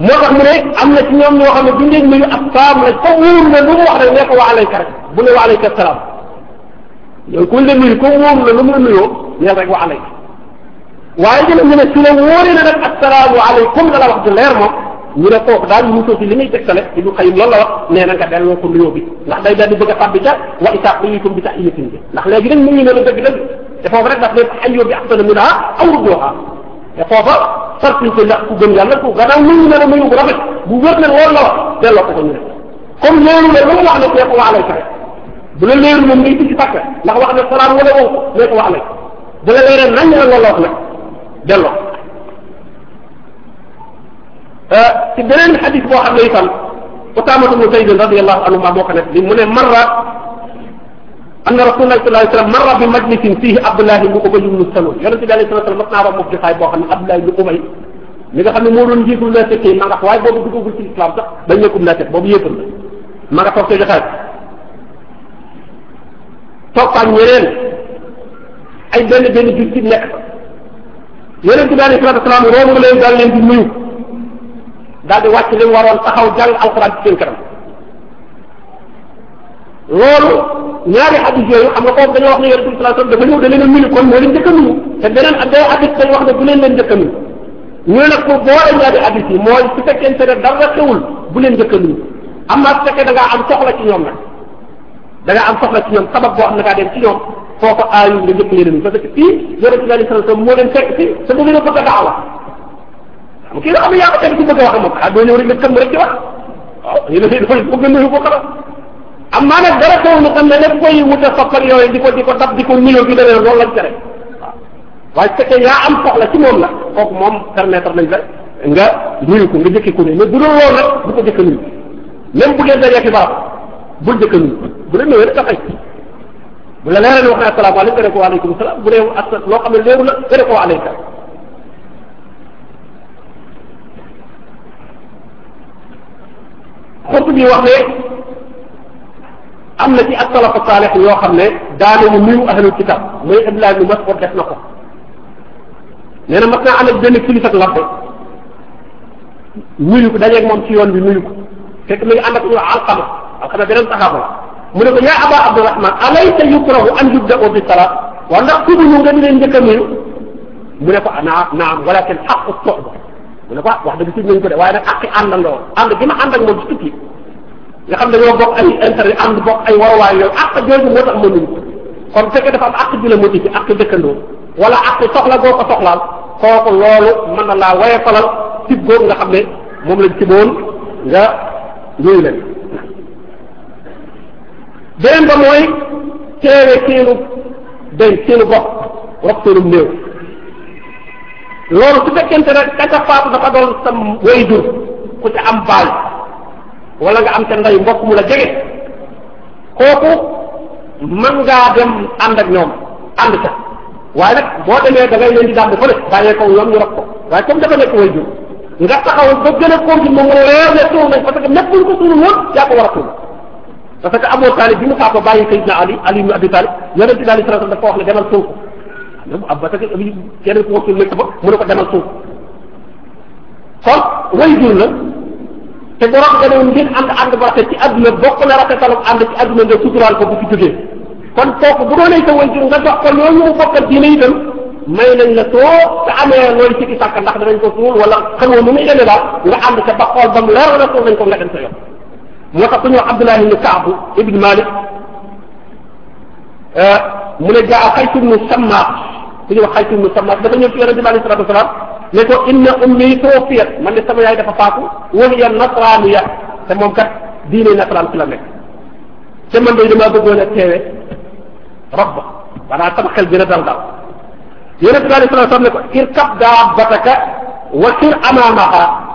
A: moo tax mu ne am na ci ñoom ñoo xam ne duñ leen nuyu ab faam la ko wóor ne lu mu wax rek ne ko wa alayka rek bu ne wa alayka salaam yooyu kuñ la nuyu comme wóoru la lu mu la nuyoo neel wa aleyk waaye dina ñu ne su la wóoree na nag assalaamu aleykum da la wax ju leer moom ñu ne kooku daal mosoo si li ngay tegtale Ibnu Qayyim loolu la wax nee na nga delloo ko nuyoo bi ndax day daal di bëgg a fàbbi ca wa isaa quyitum bi tahiyatin bi ndax léegi nag mu ngi ne la dëgg dëgg te foofu rek daf ne hayyoo bi ahsana minhaa ko ndax ku gëm yàlla ku gannaaw mu ngi ne la nuyu bu rafet bu wér ne loolu la wax delloo ko ko ñu ne comme loolu la lu mu wax ne kooku wa aleyka rek bu la leeru moom ngay dugg ci pàkk ndax wax na salaam wala wax ko ko wax nag bu la leeree nañ la loolu wax nag delloo euh, ci beneen xadis boo xam ne itam Usaamatu bnu Zayd radiyallahu anhu maa moo ko nekk li mu ne marra anna rasulullahi sallallahu alayhi wasallam marra bi majlisin fihi Abdullah ibnu Ubay ibnu Salul yonente bi alayhi salatu mas naa wax moom jotaay boo xam ne Abdullah ga Ubay mi nga xam ne moo doon njiitul naa fekkee ma nga waaye boobu duggagul ci islam sax dañ nekkum naa fekk boobu yéefal la ma nga toog ca jotaay toog fa ak ñeneen ay benn benn jullit nekk fa yonent bi alayhi salaatu wasalaam romb leen daal leen di nuyu daal di wàcc li mu waroon taxaw jàng alxuraan ci seen kanam loolu ñaari hadith yooyu xam nga foofu dañoo wax ne yonent bi salaatu wasalaam dafa ñëw da leen a nuyu kon moo leen njëkk a nuyu te beneen ak day hadith dañ wax ne bu leen leen njëkk a nuyu ñu nag bu boole ñaari hadith yi mooy su fekkente ne dara xewul bu leen njëkk am naa su fekkee da ngaa am soxla ci ñoom nag da nga am ci ñoom sabab boo xam ne kaa dem ci ñoom foo ko aayul nga njëkk leen parce que fii yonente bi sa bëgg na bëgg a daawa xam kii nga xam yaa ko teg ci bëgg a wax moom ah doo ñëw rek nga tëmb rek a dafay bëgg a nuyu ko xalaat am maa nag dara taw lu xam ne nag koy wuta soppal yooyu di ko di ko dab di ko nuyoo bi dane loolu lañ tere waaw waaye fekkee yaa am soxla ci moom la kooku moom permettre nañ la nga nuyu ko nga jëkkee ko ne mais bu dul loolu ko jëkk nuyu même bu dee dajeeti barab bul njëkk a nuyu bu la ñëwee rek dafay bu la leeral wax ne asalaamaaleykum nga ne ko waaleykum salaam bu dee loo xam ne leeru la nga ne ko waaleykum xortu bi wax ne am na ci ak salafa saalix yoo xam ne daanañu nuyu ahlul kitab mooy Abdullah ibn Mas'ud def na ko nee na mas naa ànd ak benn kilifa ak labbe nuyu ko dajeeg moom ci yoon bi nuyu ko fekk mi ngi ànd ak ñu Alqama waaw xam nga beneen saxaaba mu ne ko yaa aba abdurahman alaysa yukrahu an yubda'u wa salaat waaw ndax suba ñu nga di leen njëkk a nuyu mu ne ko naam naam walakin xaqu soxba mu ne ko ah, wax dëgg suñ nañ ko de waaye nag aqi àndandoo ànd gi ma ànd ak moom ci tukki nga xam dañoo bokk ay intérêt ànd bokk ay waruwaay yooyu aq jooju kon bu fekkee dafa am aq ju la motivé aq dëkkandoo wala aq soxla goo ko soxlaal kooku o mën na laa waye falal ci góor nga xam ne moom lañ ci boon nga nuyu leen beneen ba mooy teewe seenu denc seenu bopp wax seenum néew loolu su fekkente nag kasa faatu dafa doon sa way ku ca am baal wala nga am ca ndey mbokk mu la jege kooku mën ngaa dem ànd ak ñoom ànd ca waaye nag boo demee da ngay leen di dàmb fële bàyyee ko ñoom ñu rab ko waaye comme dafa nekk way nga taxawal ba gën a continuer moom mu leer ne tuur nañ parce que nekkuñ ko yaa ko war a parce que Abu Talib bi mu faatoo bàyyi Sayyidina Ali Ali ibn Abi Talib yonente bi alayhi salaam dafa wax ne demal suuf même ab parce que keneen ku waxtul lëkk ba mu ne ko demal suuf kon way jur la te bu rafetlu woon ngeen ànd ànd ba rafet ci adduna bokk na rafetalam ànd ci adduna nga suturaal ko bu fi jógee kon kooku bu doonee sa way jur nga dox ko loolu mu bokkal diine itam may nañ la soo te amee looy sikki sàkk ndax danañ ko suul wala xamoo nu muy demee daal nga ànd ca ba xool ba mu leer la suuf nañ ko nga dem sa yoon. moo tax ku ñuy wax Abdullah ibn Kaab ibn Malik euh, mu ne jaa Xays ibn Sammaas ku ñuy wax Xays ibn Sammaas dafa ñëw ci yonente bi alayhi salatu wasalaam ne ko inna ummi tuwfiyat man de sama yaay dafa faatu wa hiya nasraaniya te moom kat diine nasraan ci la nekk te man day damaa bëggoon a teewe rabba maanaam sama xel gën a dal dal yonente bi alayhi salatu wasalaam ne ko irkab daabataka wa sir amaamaha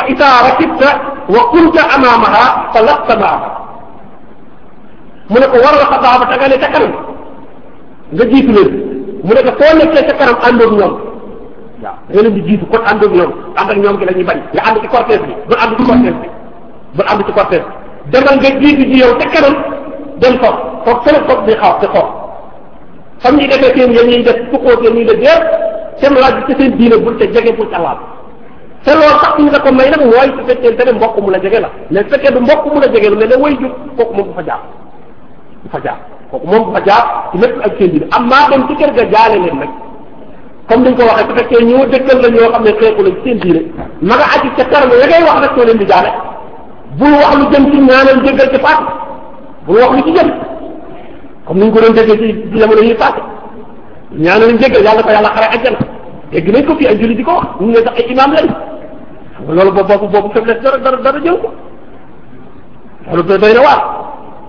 A: fa ida rakibta wa kunta amaamaha fa lasta maaha mu ne ko waral xataaba da nga ne ca kanam nga jiitu leen mu ne ko soo nekkee ca kanam àndoog ñoom waaw nga leen di jiitu kon àndoog ñoom ànd ak ñoom gi la ñuy bañ nga ànd ci cortège bi bul ànd ci cortège bi bul ànd ci cortège bi demal nga jiitu ji yow ca kanam dem foog foog fële foog di xaw di xool fam ñuy defee seen yéen ñuy def fukkoo seen ñuy def yëpp seen laaj bi ca seen diine bul ca jege bul ca laal te loolu sax ñu ne ko may nag mooy su fekkente ne mbokk mu la jege la mais su fekkee du mbokk mu la jege la mais da way kooku moom du fa jaar du kooku moom du fa jaar ci lépp ak seen bi am maa dem ci kër ga jaale leen nag comme dañ ko waxee su fekkee ñoo dëkkal la ñoo xam ne xeexu lañ seen diine ma nga aju ca wax rek soo leen di jaale bul wax lu jëm ci ñaanal jéggal ci faatu bul wax lu ci jëm comme ni ko doon déggee ci ci jamono yi passé ñaanal jéggal yàlla ko yàlla xare ajjana dégg nañ ko fii ay julli di ko wax ñu ne sax ay imam xam loolu boobu boobu faiblesse dara dara dara jël ko loolu doy doy na waar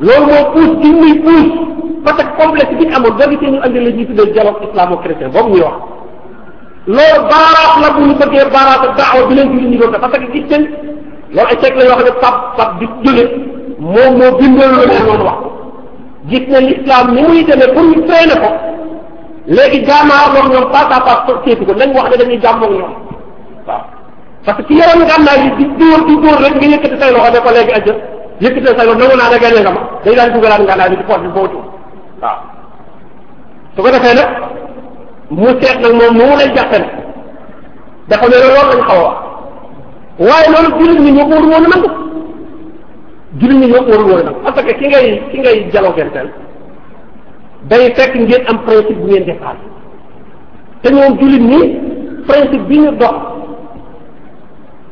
A: loolu moo puus ci muy puus parce que complexe bi ñu amoon boo gisee ñu andi la ñuy tuddee dialogue islamo-chrétien boobu ñuy wax loolu baaraat la bu ñu bëggee baaraat daawa bi leen julli ñu doon def parce que gis nañ loolu ay teg la yoo xam ne pap pap di jóge moom moo bindal lu ne noonu wax gis nañ l'islam ni muy demee pour ñu ko léegi jaamaa loolu ñoom pas à pas seeti ko nañ wax ne dañuy jàmmoog ñoom waaw parce que yoroon ngànnaay yi di dóor di dóor rek nga yëkkati say loxo ne ko léegi ajjë yëkkati say loxo nangu naa ne gagné nga day daal dugalaat ngànnaay bi ci porte bi boo tuur waaw ko defee mu seet nag moom nu mu lay jàppee dafa ne loolu lañ xaw waaye loolu jullit ñi ñoo ko warul woon a nangu jullit ñi ñoo ko warul woon a nangu parce que ki ngay ki ngay jalogenteel day am principe bu ngeen dépassé te ñoom jullit ñi principe bi ñu dox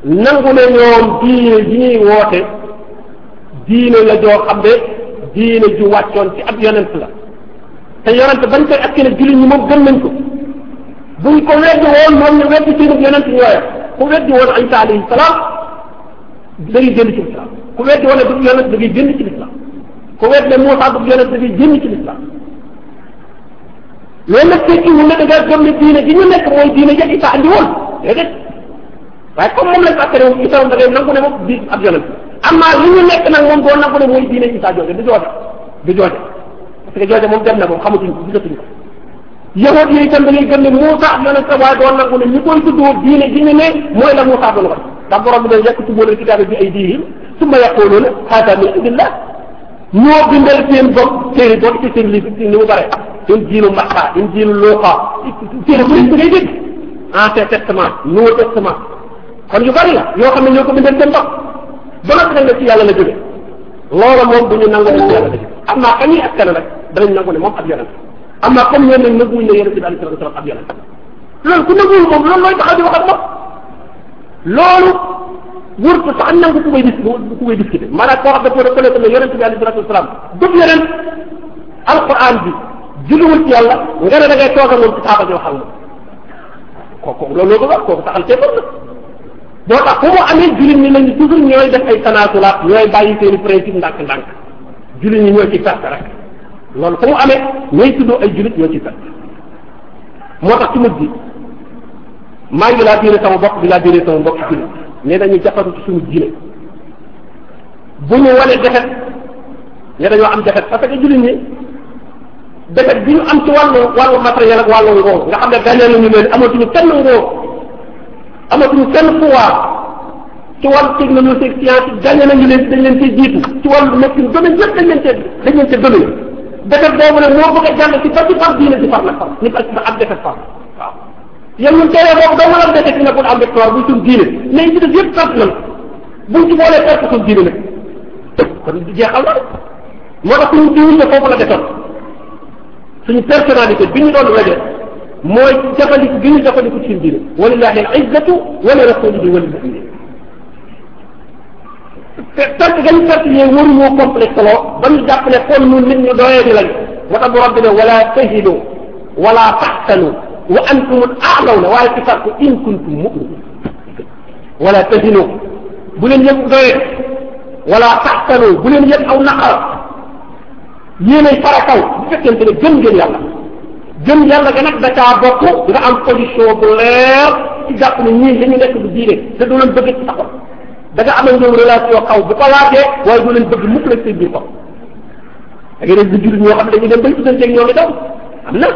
A: nangu ne ñoom diine ji ñuy woote diine la joo xam ne diine ju wàccoon ci ab yonent la te yonent bañ koy akkile jullit ñi moom gën nañ ko buñ ko weddi woon moom ñu weddi seen yonent ñooya ku weddi woon Isa alayhi salaam da ngay génn ci weddi woon ne du yonent da ngay génn ci lislaam ku weddi ne Muusaa du yonent da ngay génn ci lislaam loolu nag tekkiwul ne da ngaa ne diine gi ñu nekk mooy diine ja Isa andi woon déedéet waaye comme moom lañ ko askan wi Isa da ngay nangu ne moom di ab yonent amma li ñu nekk nag moom doo nangu ne mooy diine Isa jooje du jooje du jooje parce moom dem na moom xamatuñ ko gisatuñ ko yahood yooyu itam da ngay gëm ne Muusa ab yonent waaye doo nangu ne ñu koy tuddoo diine gi ñu ne mooy la Muusa doon wax ndax borom bi dañ yekk tubóolal bi ay diihim summa yaquluuna haada min indillah ñoo bindal seen bopp téere bopp ci seen livre ni mu bare injiilu Matta injiilu Luuqa téere bu nekk ngay dégg ancien testament nouveau testament kon yu bari la yoo xam ne ñoo ko bindal seen bopp ba nga xam ne ci yàlla na jóge loola moom bu ñu nangoo ne ci yàlla la jóge am naa kañuy askan rek danañ nangu ne moom ab yonent am naa comme ñoom nag nanguwuñ ne yonent bi alayhi salatu wasalam ab yonent loolu ku nanguwul moom loolu looy taxaw di wax ak loolu wurtu sax nangu ku koy dis ku koy discuté maanaam koo xam dafa reconnaître ne yonent bi alayhi salatu wasalam dëf yonent alquran bi julliwul ci yàlla nga ne da ngay toogal moom ci saaba ñoo xam boo tax fu mu amee jullit ñi lañu toujours ñooy def ay tanaasulaat ñooy bàyyi seen i principe ndànk-ndànk jullit ñi ñoo ci perte rek loolu fu mu amee ñooy tuddoo ay jullit ñoo ci perte moo tax ci mujj maa ngi laa biire sama bopp bi laa biire sama bopp jullit ne dañuy jafatu ci suñu diine bu ñu wanee defet ne dañoo am defet parce que jullit ñi defet bi ñu am ci wàllu wàllu matériel ak wàllu ngoo nga xam ne beneen la ñu leen amatuñu kenn ngoo amatuñu fenn pouvoir ci wàllu technologie science gagné nañu leen dañ leen cee jiitu ci wàllu médecine domaine yëpp dañ leen cee dañ leen cee domaine defar boobu nag moo bëgg a jàll ci ba ci par diine ci far nag far ni parce que ab
B: defar far waaw
A: yéen ñun teree boobu doo mën a defee ci nekkul am victoire buñ suñ diine mais ci def yëpp fart nan buñ ci boolee fekk suñ diine nag kon jeexal na moo tax suñu diine foofu la defoon suñu personnalité bi ñu doon rajo mooy jafandiku gi ñu jafandiku ci seen diine walillahi al izzatu wa li rasulihi wa lil muminin te perte gañ perte yooyu waruñoo complexe loo ba ñu jàpp ne kon ñun nit ñu doyee ni lañu moo tax borom bi ne wala tahinu wala taxtanu wa antumul aalawna waaye ci fàttu in kuntum muminin wala tahinu bu leen yëpp doyee wala taxtanu bu leen yëpp aw naqar yéenay farataw bu fekkente ne gëm ngeen yàlla jëm yàlla ga nag da caa bokk nga am position bu leer ci jàpp ne ñii li ñu nekk du diine te du leen bëgg ci sa xol da nga amal ñoom relation xaw bu ko laajee waaye du leen bëgg mukk la seen biir xol da ngay def di jullit ñoo xam ne dañuy dem bay tuddanteeg ñoom itam am na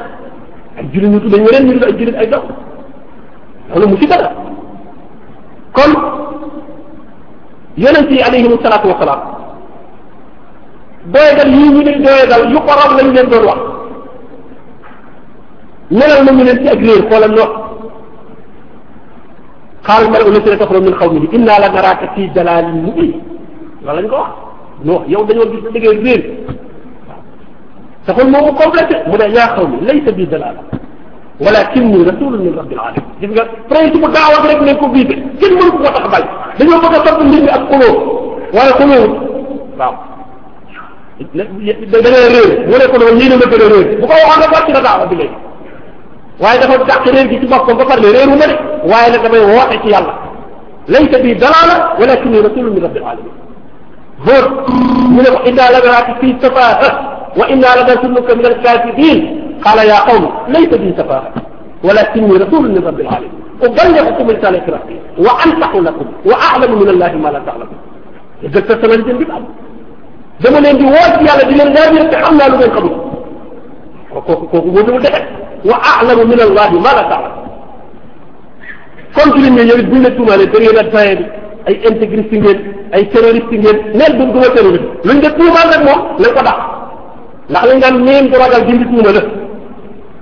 A: ay jullit ñu tudd ñeneen ñu tudd ay jullit ay doom loolu musiba la kon yonent yi alayhimu salaatu wasalaam doyadal yii ñu ne doyadal yu ko raw lañ leen doon wax. melal nañu leen ci ak réer xoolal noo xaaral mala ulasina kafaru min xawmihi inna la naraaka fii dalaalin mubin loolu lañ ko wax noo yow dañoo gis da ngay réer sa xol moo ko complété mu ne yaa xaw mi laysa bii dalaala walakinni rasulun min rabbil alamin gis nga principe daaw ak rek nañ ko biite kenn mënu ko tax bañ dañoo bëgg a topp mbir mi ak xuloo waaye xuloo waaw da ngay réer mu ne ko noonu lii ne la gën a réer bu ko waxoon rek wàcc na daawa bi léegi waaye dafa dàq réer gi ci boppam ba pare ne réeru ma de waaye nag damay woote ci yàlla laysa bi dalaala walakinni rasulun min rabbil alamin góor mu ne ko inna labiraati fii safaha wa inna la nasunnuka min alkaasibin qaala yaa qawmi laysa bi safaha walakinni rasulun min rabbil alamin uballighukum risalati rabbi wa ansaxu lakum wa a'lamu min allahi ma la ta'lamun dëgg sa sama jënd am dama leen di woo ci yàlla di leen leer te xam naa lu ngeen xamul kooku kooku wóorul defet wa a'lamu min allahi ma la ta'lam continué ñëw it bu ñu la tuumaalee da ngeen a doyen bi ay intégriste ngeen ay terroriste ngeen neen du duma terroriste luñ de tuumaal rek moom lañ ko dàq ndax lañ daan neen du ragal dindi tuuma la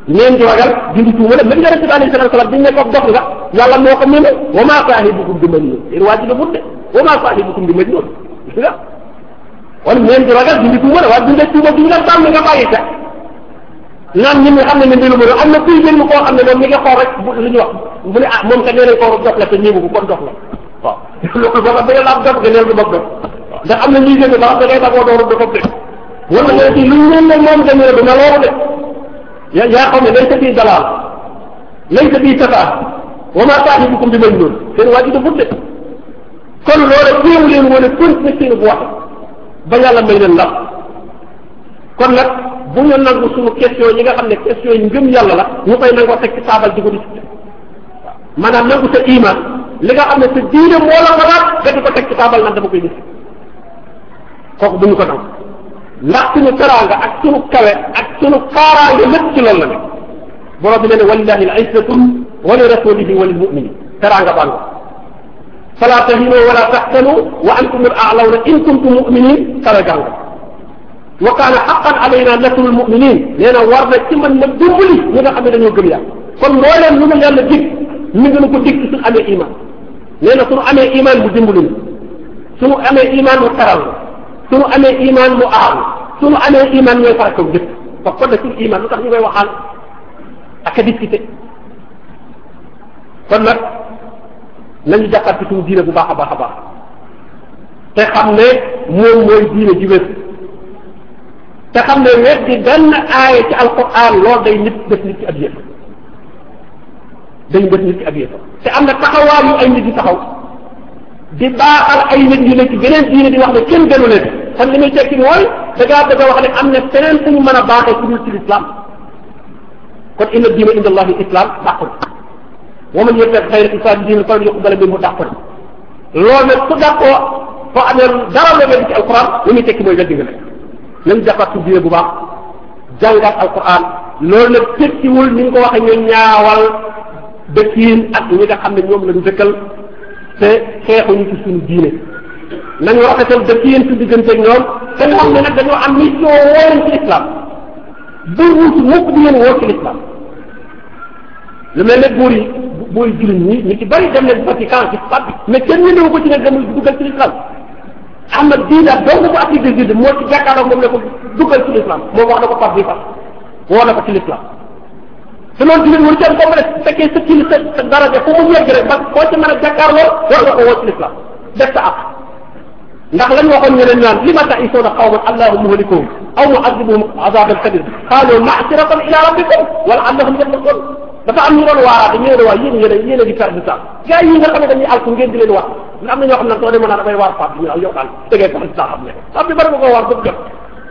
A: neen du ragal dindi tuuma la même yonente bi alayhi salatu wasalam biñ ne ko dox nga yàlla moo ko mën wa maa saahibukum bi majnuun yéen waa ji la de wa maa saahibukum bi majnuun gis nga kon neen du ragal dindi tuuma la waaye duñ de tuuma duñ la tàmm nga bàyyi sax naan ñun ñu xam ne ne mbiru mbiru am na kuy benn koo xam ne moom mi nga xool rek bu lu ñu wax mu ne ah moom kat nee nañ koo jox la te ñëwu ko kon jox la waaw loolu boo xam ne laab dof nga neel du bopp dof ndax am na ñuy jënd ba xam ne day dagoo dooru dafa bëgg
B: wala nga ci lu
A: ñu ne moom dañu ne dina loolu de yaa yaa xam ne laysa bii dalaal laysa bii safaa wa maa saahibukum bi majnuun seen waa ji dafa de kon loolu téew leen woon a continuer seen bu wax ba yàlla may leen ndax kon nag bu ñu nangu suñu question yi nga xam ne question yi ngëm yàlla la ñu koy nangoo teg ci taabal di ko discuter waaw maanaam nangu sa iman li nga xam ne sa diine moo la ko daal nga di ko teg ci taabal nag dama koy discuter kooku bu ñu ko nangu ndax suñu teraanga ak suñu kawe ak suñu kaaraange lépp ci loolu la ne borom bi ne ne walillahi al izzatu wa li rasulihi wa lil muminin teraanga bàngo fala tahinu wala taxtanu wa antum al a'lawna in kuntum muminin teraanga wa kaana xaqan alayna nasrul muminin nee na war na ci man ma dimbali ñi nga xam ne dañoo gëm yàlla kon looleen lu nu yàlla dig mi ngi nu ko dig ci suñu amee iman nee na suñu amee iman mu dimbali suñu amee iman mu taral suñu amee iman mu aar suñu amee iman ñooy farataw jëf wax kon nag suñu iman lu tax ñu koy waxaan ak a discuter kon nag nañu jàppaat ci suñu diine bu baax a baax a baax te xam ne moom mooy diine ji wér te xam ne weddi benn aaya ci alquran loolu day nit def nit ci ab yëf dañ def nit ci ab yëf te am na taxawaay yu ay nit di taxaw di baaxal ay nit yu ne ci beneen diine di wax ne kenn gënu leen kon li muy tekki mooy da ngaa bëgg a wax ne am na feneen fu ñu mën a baaxee ku dul ci lislaam kon inna diina inda allahi islam dàqul wa man yebtag xayra islam diina falan yuqbala minhu dàqul loolu nag ku dàqoo foo amee dara la weddi ci alquran li muy tekki mooy weddi nga nekk nañ defar suñu bu baax jàngat alquran loolu nag tekkiwul ni nga ko waxee ñu ñaawal dëkkiin ak ñi nga xam ne ñoom lañ dëkkal te xeexuñu ci suñu diine nañu rafetal dëkkiin su digganteeg ñoom te ñu xam ne nag dañoo am mission wooleen ci islam bu wuutu mukk di leen woo ci islam lu mel ne buur yi buur yi jullit ñi ñu ci bari dem leen Vatican ci Pape bi mais kenn ñënewu ko ci ne demul dugal ci islam am na diina dong bu ak di judd moo ci jàkkaarloo moom ne ko duggal ci l'islam moom wax na ko par bi par woo na ko ci l'islam te loolu tamit waru ci am complexe bu fekkee sa kili sa sa daraja fu mu yegg rek ba koo ci mën a jàkkaarloo war nga ko woo ci l'islam def sa ak ndax lañ waxoon ñu leen naan li ma ta'isuuna qawman allahu muhlikuhum aw mu'azibuhum azaban kabir qaalu ma'siratan ila rabbikum wa la'allahum yattaqun dafa am ñu doon waaraate ñu ne waaye yéen yéen a yéen a di perdre temps gars yi nga xam ne dañuy alku ngeen di leen wax am na ñoo xam ne soo demoon naa dafay waar Pape bi ñu naan yow daal da ngay perdre temps xam ne Pape bi bari nga ko waar ba jot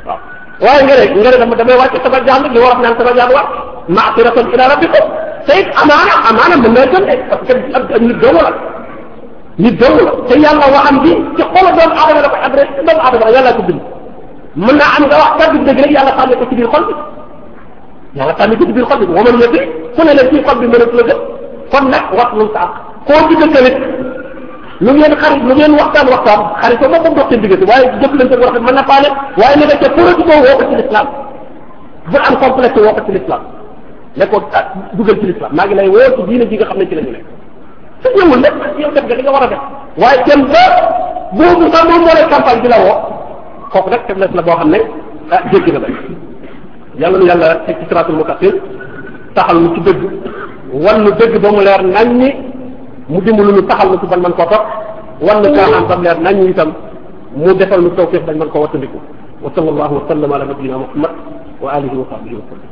B: waaw waaye nga ne nga
A: ne dama damay wàcc sama jaan li war a naan sama jaan wàcc ma'siratan ila rabbikum te it amaana amaana mën naa jëndee parce que ab nit doomu la nit doomu la te yàlla waxam bi ci xolu doomu aadama la koy adressé doomu aadama yàlla ko bind mën naa am nga wax kàddu dëgg rek yàlla xam ne ko ci biir xol bi yàlla tànn ko ci biir xol bi waman la fi ku ne la ci xol bi mënatu la gëm kon nag wax lu sa ak koo ci dëkkalit lu ngeen xarit lu ngeen waxtaan waxtaan xarit moom moom dox seen diggante waaye jëflante bu rafet mën na paale waaye ne dacca pourati koo woo ko ci l'islam bu am complexe woo ko ci l'islam ne ko ah dugal ci l'islam maa ngi lay woo ci diine ji nga xam ne ci la ñu nekk su ñëwul nag yow def nga li nga war a def waaye kenn ba boobu sax moom moo lay campagne bi la woo kooku nag faiblesse la boo xam ne ah jéggi na la yàlla nu yàlla teg ci siraatul mustaqim taxal nu ci dëgg wan nu dëgg ba mu leer nañ ñi mu dimbalu nu taxal nu ci ban man koo topp wan nu caaxaan ba mu leer nañ ñi itam mu defal nu tawfiq bañ man koo wattandiku wa sallallahu wa sallam ala nabiyina muhammad wa alihi wa sahbihi wa sallam